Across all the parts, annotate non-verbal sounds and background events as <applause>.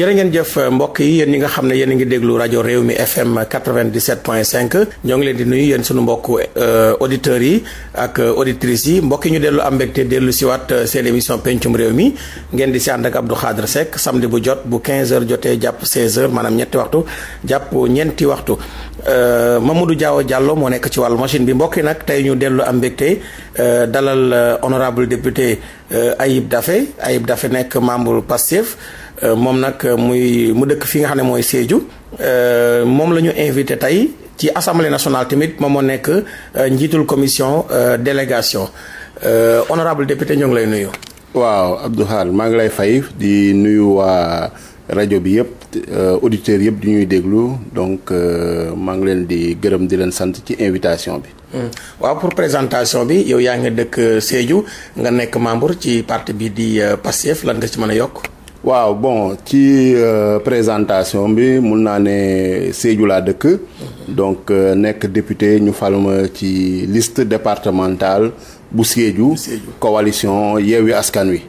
jërë ngeen jëf mbokk yi yéen ñi nga xam ne yéen a ngi déglu rajo réew mi FM 97.5 ñoo ngi leen di nuyu yéen sunu mbokk euh, auditeurs yi ak euh, auditrices yi mbokk yi ñu dellu am mbégte dellu siwaat euh, seen émission pencum réew mi ngeen di si ànd ak Abdou Khadre Seck samedi bu jot bu 15h jotee jàpp 16h maanaam ñetti waxtu jàpp ñeenti waxtu ma Mamadou Diaw Diallo moo nekk ci wàllu machine bi mbokk yi nag tey ñu dellu am mbégte dalal honorable député Ayib dafe Ayib Daffé nekk membre Pastef Euh, moom nag euh, muy mu dëkk fi nga xam ne mooy Sédhiou euh, moom la ñu invité tey ci assemblée national tamit moom moo nekk njiitul commission délégation honorable député ñoo ngi lay nuyu. waaw Abdou Khadre maa ngi lay fay di nuyu waa rajo bi yëpp auditeurs yëpp du ñuy déglu donc maa ngi leen di gërëm di leen sant ci invitation bi. Hmm. waaw pour présentation bi yow yaa ngi dëkk Sédhiou nga nekk membre ci parti bi di Pastef lan nga ci mën a yokk. waaw bon ci euh, présentation bi mun naa ne Sédhiou laa dëkk donc euh, nekk député ñu faluma ci liste départementale bu Sédhiou coalition Yewwi Askan Wi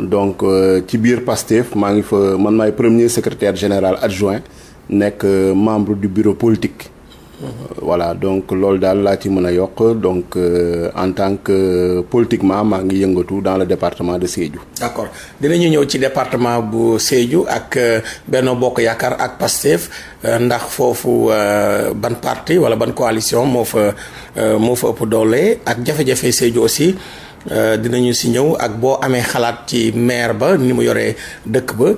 donc euh, ci biir Pastef maa ngi fa man maay premier secretaire général adjoint nekk euh, membre du bureau politique voilà donc loolu daal laa ci mën a yokk donc euh, en tant que euh, politiquement maa ngi yëngatu dans le département de Sédhiou. d'accord dinañu ñëw ci département bu Sédhiou ak euh, benn Bokk Yaakaar ak Pastef ndax foofu ban parti wala ban coalition moo fa moo fa ëpp doole ak jafe-jafe Sédhiou aussi. Euh, dinañu si ñëw ak boo amee xalaat ci maire ba ni mu yoree dëkk ba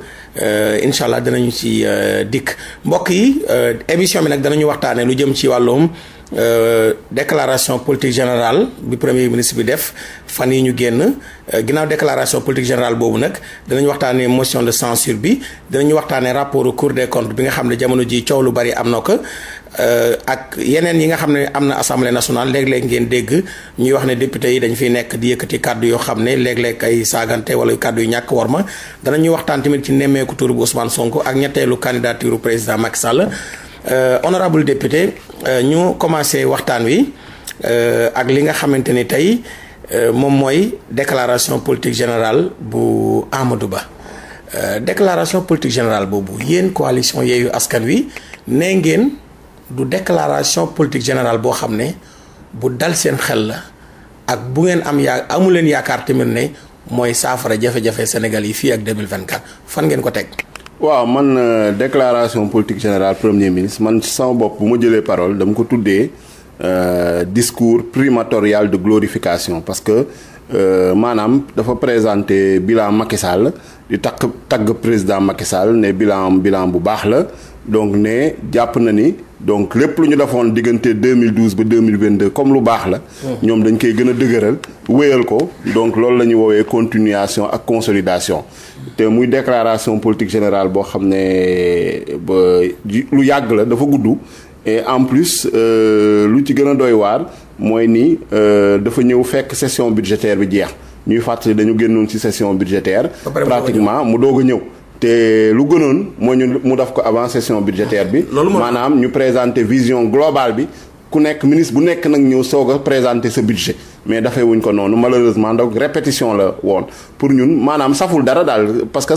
euh, incha allah dinañu si euh, dikk mbokk yi émission bi nag danañu waxtaanee lu jëm ci wàllum. Euh, déclaration politique général bi premier ministre bi def fan yi ñu génn euh, ginnaaw déclaration politique générale boobu nag dinañ waxtaanee motion de censure bi dinañ waxtaanee rapport Cour des comptes bi nga xam ne jamono ji coow lu bari am na ko euh, ak yeneen yi nga xam ne am na assemblée nationale léeg-léeg ngeen dégg ñuy wax ne député yi dañu fiy nekk di yëkkati kàddu yoo xam ne léeg-léeg ay saagante wala kàddu yu ñàkk war ma ñuy waxtaan tamit ci nemmeeku tur bu Sonko ak ñetteelu candidature président Macky Sall Euh, honorable député euh, ñu commencé waxtaan wi euh, ak li nga xamante ni tey moom mooy déclaration politique général bu Amadou Ba déclaration politique général boobu yéen coalition Yewwi Askan Wi ne ngeen du declaration politique général boo xam ne bu dal seen xel la ak bu ngeen am yaa amu leen yaakaar tamit ne mooy saafara jafe-jafe Sénégal yi fii ak 2024 fan ngeen ko teg. waaw man euh, déclaration politique général premier ministre man sama bopp bu ma jëlee parole dama ko tuddee euh, discours primatorial de glorification parce que euh, maanaam dafa présenter bilan Macky Sall di takk tagg président Macky Sall ne bilan bilan bu baax la donc ne jàpp na ni donc lépp lu ñu defoon diggante 2012 ba 2022 comme lu baax la. Hmm. ñoom dañ koy gën a dëgëral wéyal ko donc loolu la ñuy woowee continuation ak consolidation. te muy déclaration politique générale boo xam ne ba lu yàgg la dafa gudd. e en plus euh, lu ci gën a doy waar mooy ni euh, dafa ñëw fekk session budgétaire bi jeex ñuy fàttali dañu génnoon ci session budgétaire. pratiquement mu doog a ñëw. te lu gënoon moo ñu mu def ko avant session budgétaire bi. maanaam ñu présenter vision globale bi. ku nekk ministre bu nekk nag ñëw soog a présenter sa budget mais dafay wuñ ko noonu malheureusement donc répétition la woon pour ñun maanaam saful dara daal parce que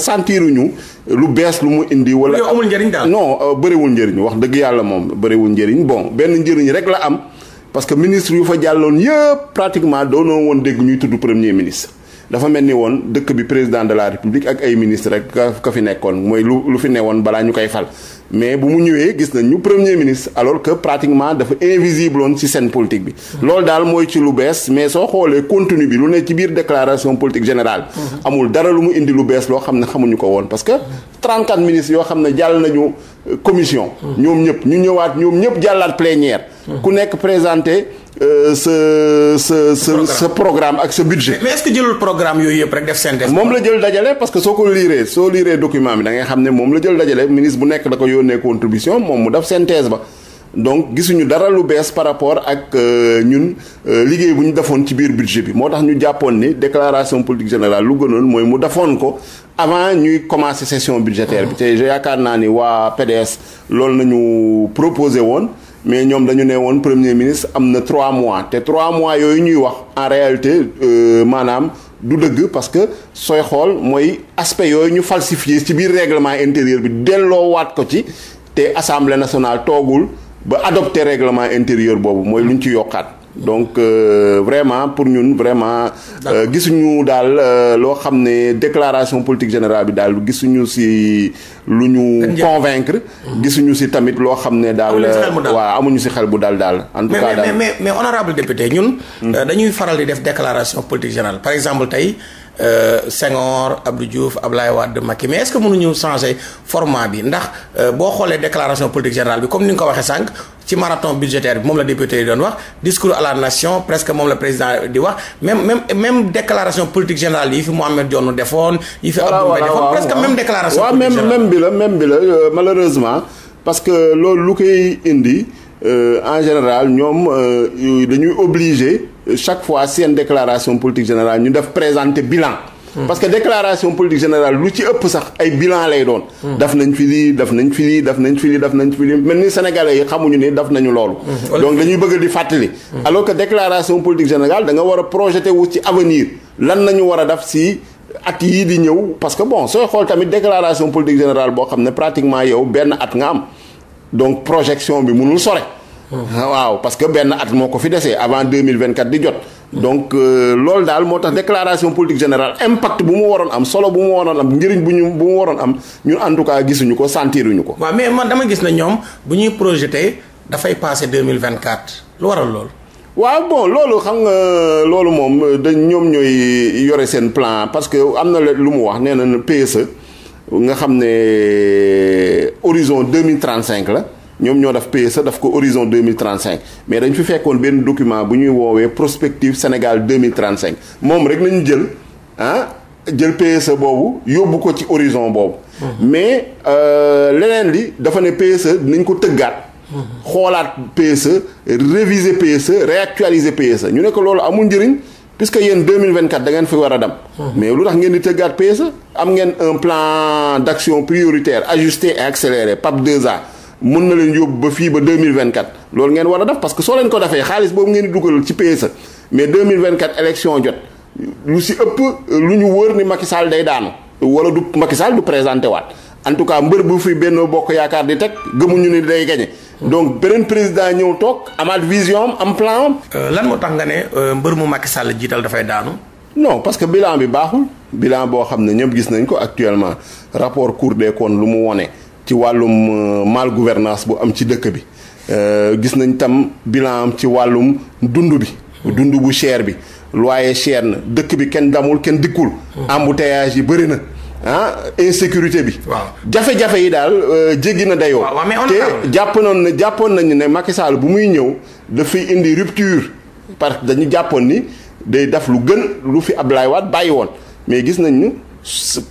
ñu lu bees lu mu indi. wala amul njëriñ daal no euh, bëriwul njëriñ wax dëgg yàlla moom bëriwul njëriñ bon benn njëriñ rek la am parce que ministre yu fa jàlloon yëpp pratiquement doonoo woon dégg ñuy tudd premier ministre. dafa mel ni woon dëkk bi président de la république ak ay ministre rek ka fi nekkoon mooy lu lu fi newoon balaa ñu koy fal mais bu mu ñëwee gis nañ ñu premier ministre alors que pratiquement dafa invisible woon ci scène politique bi loolu daal mooy ci lu bees mais soo xoolee contenu bi lu ne ci biir déclaration politique générale mm-hmm. amul dara lu mu indi lu bees loo xam ne xamuñu ko woon parce que 34 ministres yoo xam ne jàll nañu euh, commission mm-hmm. ñoom ñëpp ñu ñëwaat ñoom ñëpp jàllaat plénière mm-hmm. ku nekk présenté sa sa sa sa programme ak sa budget. mais est-ce que jëlul programme yooyu yëpp rek def seen moom la jël dajale parce que soo ko liiree soo liiree document bi da xam ne moom la jël dajale ministre bu nekk da ko yónnee contribution moom mu def synthèse ba. donc gisuñu dara lu bees par rapport ak euh, ñun euh, liggéey bu ñu defoon ci biir budget bi moo tax ñu jàppoon ni déclaration politique générale lu gënoon mooy mu defoon ko avant ñuy commencer session budgétaire bi. te yaakaar naa ni waa PDS loolu nañu proposé woon. mais ñoom dañu ne woon premier ministre am na trois mois te trois mois yooyu ñuy wax en réalité euh, maanaam du dëgg parce que sooy xool mooy aspect yooyu ñu falsifié ci biir réglement intérieur bi delloowaat ko ci te assemblée nationale toogul ba adopté réglement intérieur boobu mooy lu ñu ci yokkaat. donc euh, vraiment pour ñun vraiment. Euh, gisuñu daal euh, loo xam ne déclaration politique générale bi daal gisuñu si lu ñu. convaincre. gisuñu si tamit loo xam ne daal. waa amuñu si xel bu daal daal. en daal mais mais mais honorable député ñun. Hmm. dañuy faral di def déclaration politique générale par exemple tey. Euh, Senghor Abdou Diouf Ablaye Wade Macky mais est-ce que mënuñu changer format bi ndax euh, boo xoolee déclaration politique générale bi comme ni nga ko waxee sànq ci marathon budgétaire bi moom la député yi doon wax discours à la nation presque moom la président di wax même même même déclaration politique générale yi fi Mohamed Dionne defoon. yi fi Abdou Mbaye defoon presque même déclaration. waaw même même bi la même bi la euh, malheureusement parce que loolu lu koy indi en général ñoom dañuy obligé. chaque fois seen déclaration politique générale ñu def présenter bilan. Hmm. parce que déclaration politique générale lu ci ëpp sax ay bilan lay doon. Hmm. daf nañ fi lii daf nañ fi lii daf nañ fi lii daf nañ fi lii mel ni sénégalais yi xamuñu ni daf nañu loolu. Hmm. donc dañuy bëgg di fàttali. alors que déclaration politique générale da nga war a projeté wu ci avenir lan nañu war a def si. at yii di ñëw parce que bon sooy xool tamit déclaration politique générale boo xam ne pratiquement yow benn at nga am donc projection bi mënul sore Ah, waaw parce que benn at moo ko fi desee avant 2024 di jot donc euh, loolu daal moo tax déclaration politique général impact bu mu waroon am solo bu mu waroon am njëriñ bu ñu bu mu waroon am ñu en tout cas gisuñu ko sentiruñu ko waaw mais man dama gis na ñoom bu ñuy projeté dafay passé 2024 lu waral loolu waaw bon loolu xam nga euh, loolu moom euh, dañ ñoom ñooy yore seen plan parce que am na lu mu wax nee na PSE e, nga xam ne horizon 2035 la ñoom ñoo daf PSE daf ko horizon cinq mais dañ fi fekkoon benn document bu ñuy woowee prospective Sénégal 2035 moom rek lañu jël ah jël PSE boobu yóbbu ko ci horizon boobu mmh. mais euh, leneen li dafa ne PSE dinañ ko tëggaat mmh. xoolaat PSE réviser PSE réactualiser PSE ñu ne loolu amul njëriñ puisque yéen 2024 da ngeen fi war a dem mmh. mais lu tax ngeen di tëggaat PSE am ngeen un plan d'action prioritaire ajusté et accéléré PAP 2 mun na leen yóbbu ba fii ba 2024 loolu ngeen war a def parce que soo leen ko defee xaalis boobu ngeen di dugalal ci PSE mais 2024 élection jot lu si ëpp euh, lu ñu wër ni Macky Sall day daanu wala du Macky Sall du présenté waat en tout cas mbër bu fi benn Bokk Yaakaar di teg gëmuñu ni day gañe donc beneen président ñëw toog amaat vision am am plan am. Euh, lan moo tax nga ne euh, mbër mu Macky Sall jiital dafay daanu. non parce que bilan bi baaxul bila boo xam ne ñëpp gis nañ ko actuellement rapport Cour des lu mu wone ci wàllum euh, mal gouvernance bu am ci dëkk bi euh, gis nañ tam bilan ci wàllum dund bi dund bu cher bi waaye cher na dëkk bi kenn damul kenn dikkul embouteillage yi bëri na ah insécurité bi. waaw jafe-jafe yi daal euh, jéggi na dayoo. te jàpp noon ne jàppoon nañu ne Macky bu muy ñëw dafay indi rupture. parce que dañu jàppoon ni day def lu gën lu fi Abdoulaye Wade bàyyi woon mais gis nañu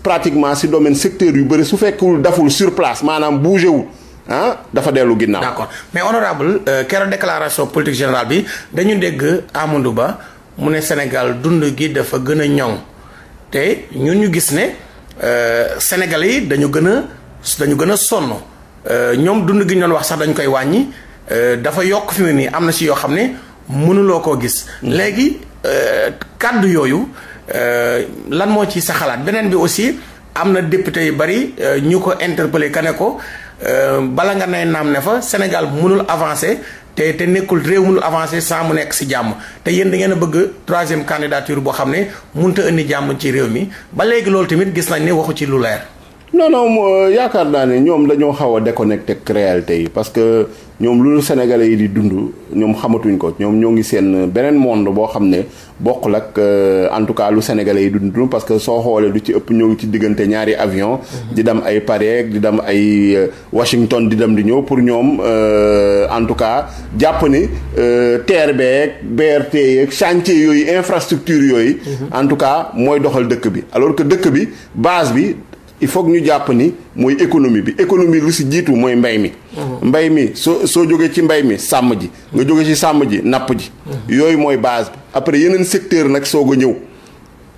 pratiquement si domaine secteur yu bëri su fekkul daful sur maanaam bougé wul ah dafa dellu ginnaaw. d'accord mais honorable euh, keroog déclaration politique générale bi dañu dégg Amadou Ba mu ne Sénégal dund gi dafa gën a ñoŋ te ñu ñu gis ne euh, sénégal yi dañu gën a dañu gën a sonn euh, ñoom dund gi ñu doon wax sax dañu koy wàññi dafa yokk fi mu nii am na si yoo xam ne mënuloo koo gis. Mm. léegi kàddu yooyu. Euh, lan moo ci sa xalaat beneen bi aussi am na député yu bari euh, ñu ko interpellé ka ne ko euh, bala nga ne naam ne fa Sénégal mënul avancé te te nekkul réew mënul avancé sans mu nekk si jàmm te yéen da ngeen a bëgg troisième candidature boo xam ne mënut a indi jàmm ci réew mi ba léegi loolu tamit gis nañ ne waxu ci lu leer. non non moo yaakaar naa ne ñoom dañoo xaw a déconnecté réalité yi parce que ñoom lu Sénégalais yi di dund ñoom xamatuñ ko ñoom ñoo ngi seen beneen monde boo xam ne bokkul ak euh, en tout cas lu Sénégalais yi di dund parce que soo xoolee lu ci ëpp ñoo ngi ci diggante ñaari avion mm-hmm. di dem ay Paris di dem ay euh, Washington di dem di ñëw pour ñoom euh, en tout cas jàpp ni TER beeg BRT yeeg chantier yooyu infrastructure yooyu mm-hmm. en mooy doxal dëkk bi alors que dëkk bi base bi il faut ñu jàpp ni mooy économie bi économie lu si jiitu mooy mbay mi. Mhm. mbay mi soo soo jógee ci mbay mi sàmm ji. nga mhm. jógee ci sàmm ji napp ji. Mhm. yooyu mooy base bi après yeneen secteur nag soog a ñëw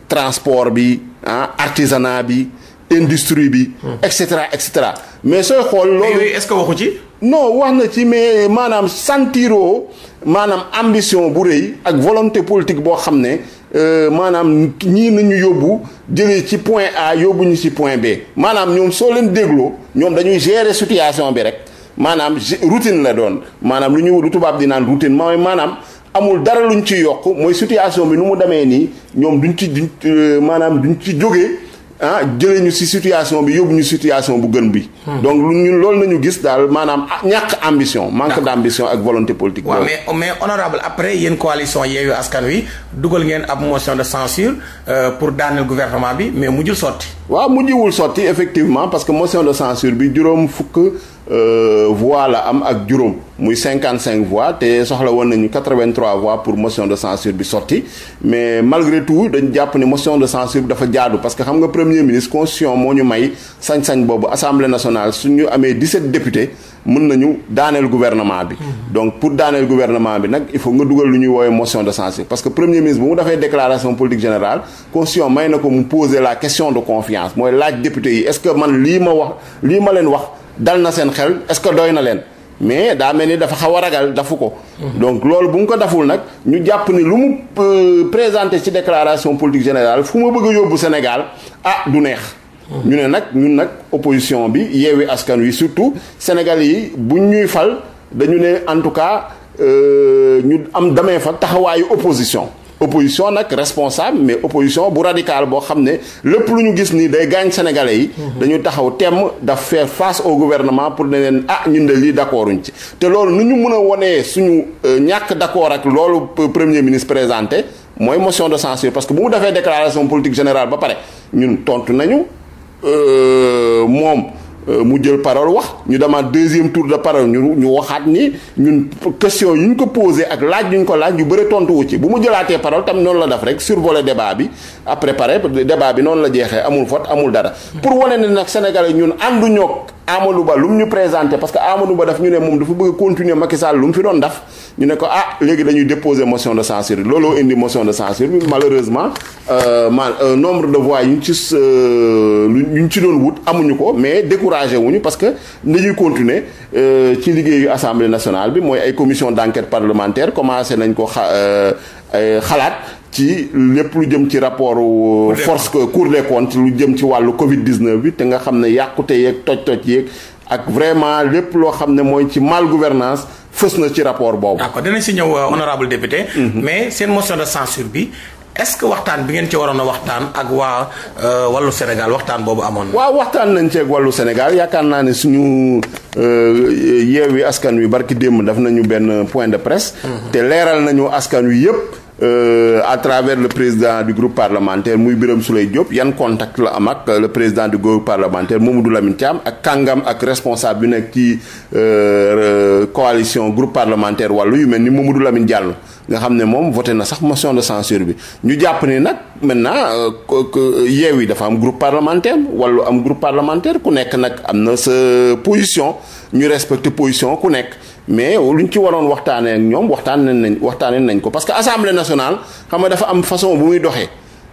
transport bi ah artisanat bi industrie bi. et cetera et cetera mais sooy xool. loolu est-ce que waxu ci. non wax na ci mais maanaam sentiroo maanaam ambition bu rëy ak volonté politique boo xam ne Euh, maanaam ñii nañu yóbbu jële ci point A yóbbu ñu ci point B maanaam ñoom soo leen dégloo ñoom dañuy gérer situation bi rek maanaam routine la doon maanaam lu ñu lu tubaab di naan routine mooy maanaam amul dara ñu ci yokk mooy situation bi nu mu demee nii ñoom duñ ci duñ euh, maanaam duñ ci jógee ah jëlee ñu ci situation bi yóbbu ñu situation bu gën bi. Hmm. donc ñun loolu nañu gis daal maanaam ah, ñàkk ambition. manque d'ambition ak volonté politique. waaw mais mais honorable après yéen coalition Yewwi Askan Wi dugal ngeen ab motion de censure euh, pour daaneel gouvernement bi mais mujjul sotti. waaw mujjiwul sotti effectivement parce que motion de censure bi juróom fukk. Euh, voix la am ak juróom muy cinquante cinq voix te soxla woon nañu quatre vingt trois voix pour motion de censure bi sorti mais malgré tout dañ jàpp ni motion de censure bi dafa jaadu parce que xam nga premier ministre constitution moo ñu may sañ-sañ boobu assemblée nationale suñu amee dix sept députés mën nañu daaneel gouvernement bi. Mm-hmm. donc pour daaneel gouvernement bi nag il faut nga dugal lu ñuy woowee motion de censure parce que premier ministre bu mu defee déclaration politique générale constitution may na ko mu poser question de confiance mooy laaj député yi que man lii ma wax lii ma leen wax. dal na seen xel est-ce que doy na leen mais daa mel ni dafa xaw a ragal dafu ko. Mhm. donc loolu bu mu ko daful nag ñu jàpp ni lu mu euh, présenter ci déclaration politique général fu ma bëgg yóbbu senegal ah du neex. Mhm. ñu ne nag ñun nag opposition bi yeewi askan wi surtout Sénégal yi bu ñuy fal dañu ne en tout cas euh, ñu am damee fa taxawaayu opposition. opposition nag responsable mais opposition bu radicale boo xam ne lépp lu ñu gis nii day gaañ sénégalais yi. Mhm. dañu taxaw temm daf faire face au gouvernement pour ne leen ah ñun de lii d' accorduñ ci. te loolu nu ñu mun a wonee suñu euh, ñàkk d' accord ak loolu premier ministre présenté mooy motion de censure parce que bu mu defee déclaration politique générale ba pare ñun tontu nañu euh, moom. Euh, mu jël parole wax ñu demaat deuxième tour de parole ñu ñu waxaat ni ñun question yu ñu ko posé ak laaj yu ñu ko laaj yu bëri tontuwu ci bu mu jëlaatee parole tam noonu la def rek survolé débat bi après pare débat bi noonu la jeexee amul vote amul dara. pour wane ne nag sénégalais ñun ànduñoo Amadou Ba lu mu ñu présenté parce que Amadou Ba daf ñu ne moom dafa bëgg continuer Macky Sall lu mu fi doon daf ñu ne ko ah léegi dañuy déposer motion de censure looloo indi motion de censure bi malheureusement euh, ma euh, nombre de voix yu ñu ci euh, yu ñu ci doon wut amuñu ko mais découragé wuñu parce que dañuy continuer ci liggéeyu assemblée nationale bi mooy ay commission d' enquête parlementaire commencé nañ ko xalaat ci lépp lu jëm ci rapport force Cour des comptes lu jëm ci wàllu Covid 19 bi te nga xam ne yàqute yeeg toj-toj yeeg ak vraiment lépp loo xam ne mooy ci mal gouvernance fës na ci rapport boobu. d'accord dinañ si ñëw euh, honorable député. Mm-hmm. mais seen motion de censure bi. est-ce que waxtaan bi ngeen ci waroon a waxtaan ak waa euh, wàllu Sénégal waxtaan boobu amoon na. waaw waxtaan nañ ci ak wàllu Sénégal yaakaar naa ne suñu euh, yeewi askan wi barki démb daf nañu benn point de presse. Mm-hmm. te leeral nañu askan wi yëpp. Euh, à travers le président du groupe parlementaire muy Birame Souleye Diop yan contact la am ak euh, le président du groupe parlementaire Mamadou Lamine Thiam ak kàngam ak responsable bi ci euh, coalition groupe parlementaire wàllu yu mel ni Mamadou Lamine Diallo nga xam ne moom voté na sax motion de censure bi ñu jàpp ni nag maintenant yi dafa am groupe parlementaire wàllu am groupe parlementaire ku nekk nag am na sa position ñu respecte position ku nekk mais lu ñu ci waroon waxtaanee ak ñoom waxtaan nañ waxtaanee nañ ko parce que assemblée nationale xam nga dafa am façon bu muy doxee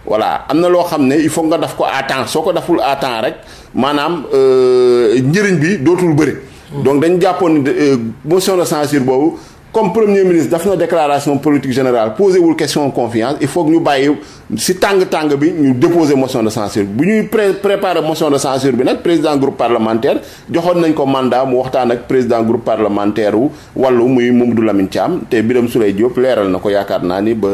voilà am na loo xam ne il foog nga daf ko à temps soo ko daful à temps rek maanaam euh, njëriñ bi dootul bëri. Mm. donc dañ jàppoon euh, motion de censure boobu. comme premier ministre daf na déclaration politique générale posé wul question confiance il faut que ñu bàyyi si tàng-tàng bi ñu déposer motion de censure bu ñuy préparer motion de censure bi nag président groupe parlementaire joxoon nañ ko mandat mu waxtaan ak président groupe parlementaire wu wàllu muy Mamadou Lamine Thiam te biram Souleye Diop leeral na ko yaakaar naa ni ba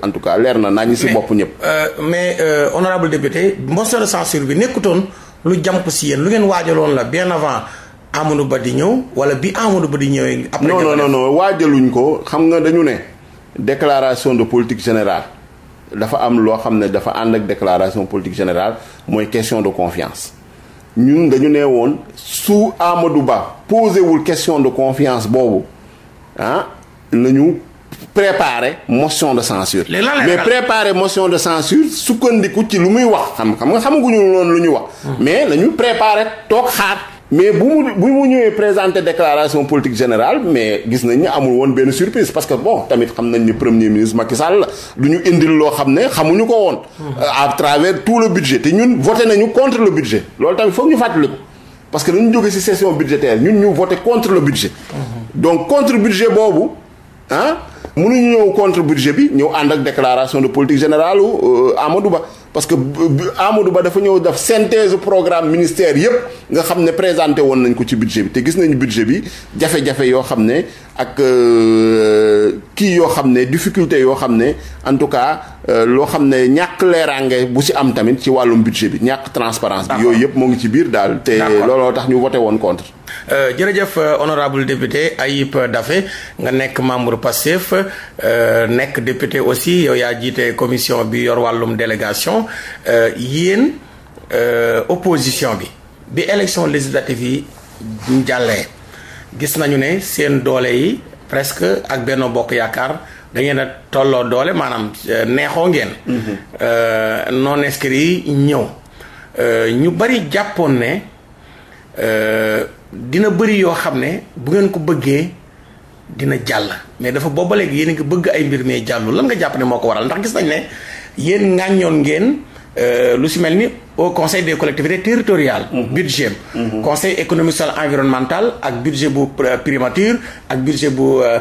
en tout cas leer na naa ñi si bopp ñëpp euh, mais euh, honorable député motion de censure bi nekkutoon lu jàmp si yéen lu ngeen waajaloon la bien avant Amadou Ba di ñëw wala bi Amadou Ba di ñëwee. après non non no non waajaluñ ko xam nga dañu ne déclaration de politique général dafa am loo xam ne dafa ànd ak déclaration politique général mooy question de confiance ñun dañu ne woon su Amadou Ba posé wul question de confiance boobu ah la préparer motion de censure mais préparer motion de censure sukkandiku ci lu muy wax xam xam nga xamaguñu loon lu ñu wax mais la ñu toog xaar mais bu mu bu mu ñëwee présenter déclaration politique générale mais gis nañ ni amul woon benn surprise parce que bon tamit xam nañ ni premier ministre Macky Sall la lu ñu indil loo xam ne xamuñu ko woon. Euh, à travers tout le budget te ñun voté nañu contre le budget loolu tamit foog ñu fàttali ko parce que dañu jóge ci session budgétaire ñun ñu voté contre le budget. Mmh. donc contre budget boobu ah. mënuñu ñëw contre budget bi ñëw ànd ak déclaration de politique générale euh, amadu Ba parce que Amadou Ba dafa ñëw def synthèse programme ministère yëpp nga xam ne présenté woon nañ ko ci budget bi te gis nañu budget bi jafe-jafe yoo xam ne ak euh, kii yoo xam ne difficulté yoo xam ne en tout cas euh, loo xam ne ñàkk leeraange bu ci am tamit ci wàllum budget bi ñàkk transparence bi yooyu yëpp moo ngi ci biir daal te looloo tax ñu voté woon contre Euh, jërëjëf euh, honorable ay Ayib Daffé nga nekk membre Pastef euh, nekk député aussi yow yaa jiite commission bi yor wàllum délégation yéen opposition bi bi élection législative yi ñu jàllee gis nañu ne seen doole yi presque ak benn Bokk Yaakaar da ngeen a tolloo doole maanaam neexoo ngeen. Mm-hmm. non inscrits yi ñëw ñu bari jàppoon ne. dina bëri yoo xam ne bu ngeen ko bëggee dina jàll mais dafa booba léegi yéen a ngi bëgg ay mbir mais jàllu lan nga jàpp ne moo ko waral ndax gis nañ ne yéen ŋàññoon ngeen euh, lu si mel ni au conseil des collectivités territoriales mm-hmm. budget mm-hmm. conseil économique social environnemental ak budget bu euh, primature ak budget bu euh,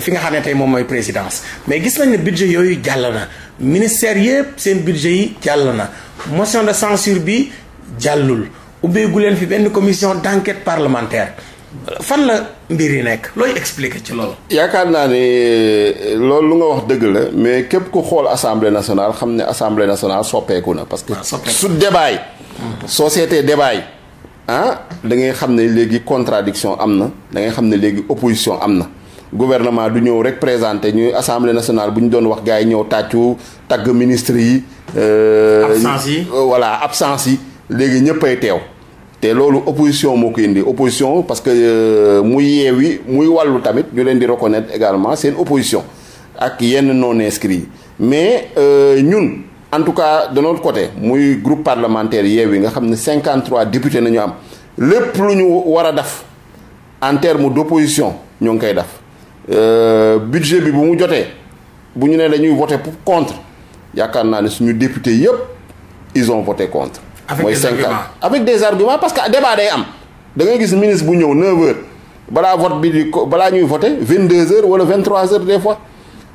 fi nga xam ne tey moom mooy présidence mais gis nañ ne budget yooyu jàll na ministère yëpp seen budget yi jàll na motion de censure bi jàllul ubbeegu leen fi benn commission d'enquête parlementaire fan la mbir yi nekk looy expliquer ci loolu. yaakaar naa ne euh, loolu lu nga wax dëgg la mais képp ku xool assemblée national xam ne assemblée nationale soppeeku na. parce que ah, su débat yi société débat yi ah da ngay xam ne léegi contradiction am na da ngay xam ne léegi opposition am na. gouvernement du ñëw rek présenter ñuy assemblée nationale bu ñu doon wax gars yi ñëw tàccu tagg ministre yi. Euh, absence yi voilà absence yi. léegi ñëppay teew te loolu opposition moo ko indi opposition parce que euh, muy yeewi muy wàllu tamit ñu leen di reconnaître également seen opposition ak yenn non inscrits yi mais euh, ñun en tout cas de notre côté muy groupe parlementaire yeewi nga xam ne 53 députés nañu am lépp lu ñu war a def en terme d' opposition ñoo ngi koy def euh, budget bi bu mu jotee bu ñu nee dañuy voté pour contre yaakaar naa ne suñu député yëpp ils ont voté contre. mooy cinq ans avec des arguments parce que débat day am da ngay gis ministre bu ñëw 9 heures balaa vote bi di balaa ñuy voté 22 heures wala 23 heures des fois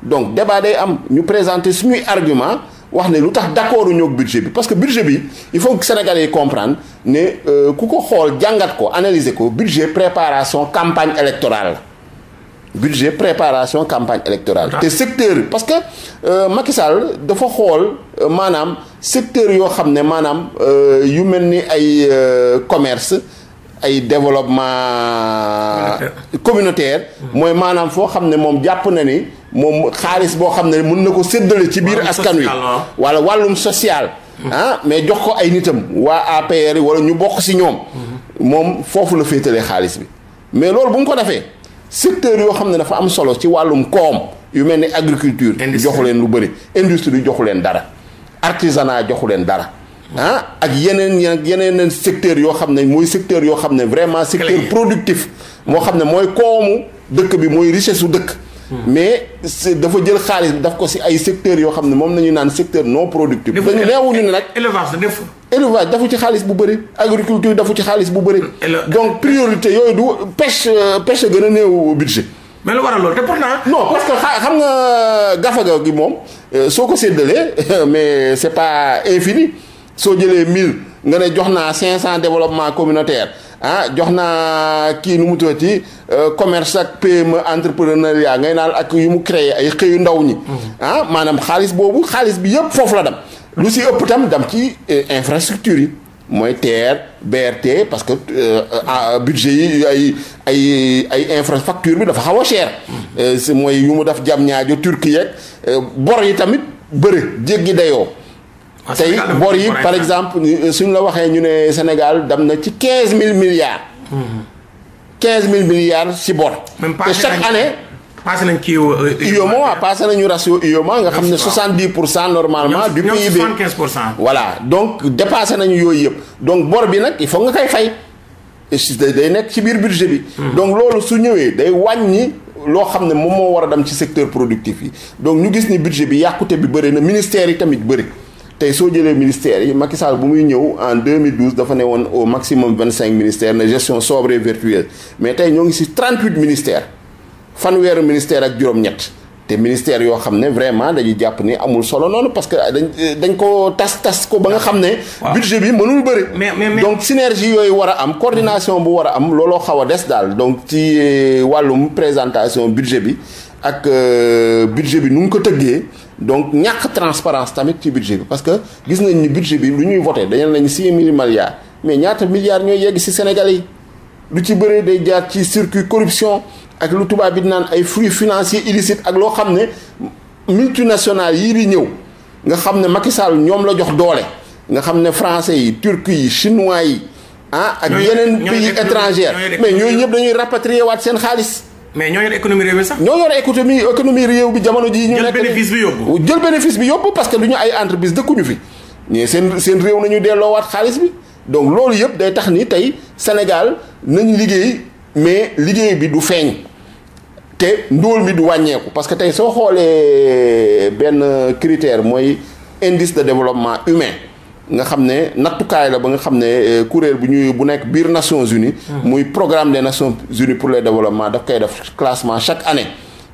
donc débat day am ñu présenter suñuy argument wax ne lu tax d'accord ñëw budget bi parce que budget bi il faut que sénégalais yi comprendre ne euh, ku ko xool jàngat ko analyser ko budget préparation campagne électorale la budget préparation campagne électorale te secteur yi parce que euh, Macky Sall dafa xool euh, maanaam secteur yoo xam ne maanaam euh, yu mel ni ay commerce ay développement communautaire mooy maanaam foo xam ne moom jàpp na ni moom xaalis boo xam ne mun na ko séddale ci biir askan wi wala wàllum social hmm. ah mais jox ko ay nitam waa APR yi wala ñu bokk si ñoom hmm. moom foofu la féetalee xaalis bi mais loolu bu ñu ko defee secteur yoo xam ne dafa am solo ci wàllum koom yu mel ni agriculture joxu leen lu bëri industrie joxu leen dara artisanat joxu leen dara ah ak yeneen yeneen yeneen secteur yoo xam ne mooy secteur yoo xam ne vraiment secteur productif moo xam ne mooy koomu dëkk bi mooy richesse su dëkk mais dafa jël xaalis bi daf ko si ay secteurs yoo xam ne moom nañu naan secteur non productif dañu neewuñu ne nag élevage def élevage dafu ci xaalis bu bëri agriculture dafu ci xaalis bu bëri donc priorité yooyu du pêche pêche gën a néew budget mais lu waral loolu te pourtant. non parce que xam nga gafaga gi moom euh, soo ko séddalee <laughs> mais c'est pas infini soo jëlee mille nga ne jox naa 500 développement communautaire ah jox naa kii nu mu tuddati euh, commerce ak PME entrepreneuriat ngay naan ak yu mu créé ay xëyu ndaw ñi. Mm-hmm. ah maanaam xaalis boobu xaalis bi yëpp foofu la dem. lu si ëpp tam dem ci euh, infrastructure yi. mooy TER BRT parce que euh, ah, budget yi ay ay ay infrastructure bi dafa xaw a cher. Mm-hmm. mooy yu mu def jam ñaajo Turquie yeeg bor yi tamit bëri jéggi dayoo. tey bor yi par exemple euh, suñ la waxee ñu ne Sénégal dam na ci quinze mille milliards. quinze mille milliards si bor. même te chaque année. passé nañ kii UEMOA euh, euh, waaw ah, passé nañu ratio UEMOA nga xam ne 70 pour cent normalement. du PIB 75 pour cent. voilà donc dépassé nañu yooy yëpp donc bor bi nag il faut nga koy fay day nekk ci biir budget bi. Hmm. donc loolu su ñëwee day wàññi loo xam ne moom moo war a dem ci secteur productif yi donc ñu gis ni budget bi yàqute bi bëri na ministère yi tamit bëri. tey soo jëlee ministères yi Macky Sall bu muy ñëw en 2012 dafa ne woon au maximum 25 ministères na gestion sobre et vertueuse mais tey ñoo ngi si ci 38 ministères fanweeru ministère ak juróom-ñett te ministère yoo xam ne vraiment dañuy jàpp ni amul solo noonu parce que dañ dañ ko tas tas ko ba nga xam ne. budget bi mënul bëri. donc synergie yooyu war a am coordination bu war a am looloo xaw a des daal donc ci euh, wàllum présentation budget bi. ak euh, budget bi nu ngi ko tëggee donc ñàkk transparence tamit ci budget bi parce que gis nañ ni budget bi lu ñuy voté dañu lañu six mille milliards mais ñaata milliards ñooy yegg ci Sénégal yi lu ci bëree day jaar ci circuit corruption ak lu tubaab bi naan ay fruits financiers illicites ak loo xam ne multinationales yii di ñëw nga xam ne Macky ñoom la jox doole nga xam ne français yi turcs yi chinois yi ah ak yeneen pays étrangers mais ñooñu ñëpp dañuy rapatrier waat seen xaalis mais ñoo yor économie réew sax. ñoo yor économie économie réew bi jamono jii. ñu nekk jël bénéfice bi yóbbu. jël bénéfice bi yóbbu parce que du ñu ay entreprise dëkkuñu fi ñii seen seen réew nañu delloowaat xaalis bi donc loolu yëpp day tax ni tey Sénégal nañ liggéey mais liggéey bi du feeñ te ndool bi du wàññeeku parce que tey soo xoolee benn critère mooy indice de développement humain. nga xam ne nattukaay la ba nga xam ne euh, kuréel bu ñuy bu nekk biir Nations Unies mm-hmm. muy programme des Nations Unies pour le développement daf koy def classement chaque année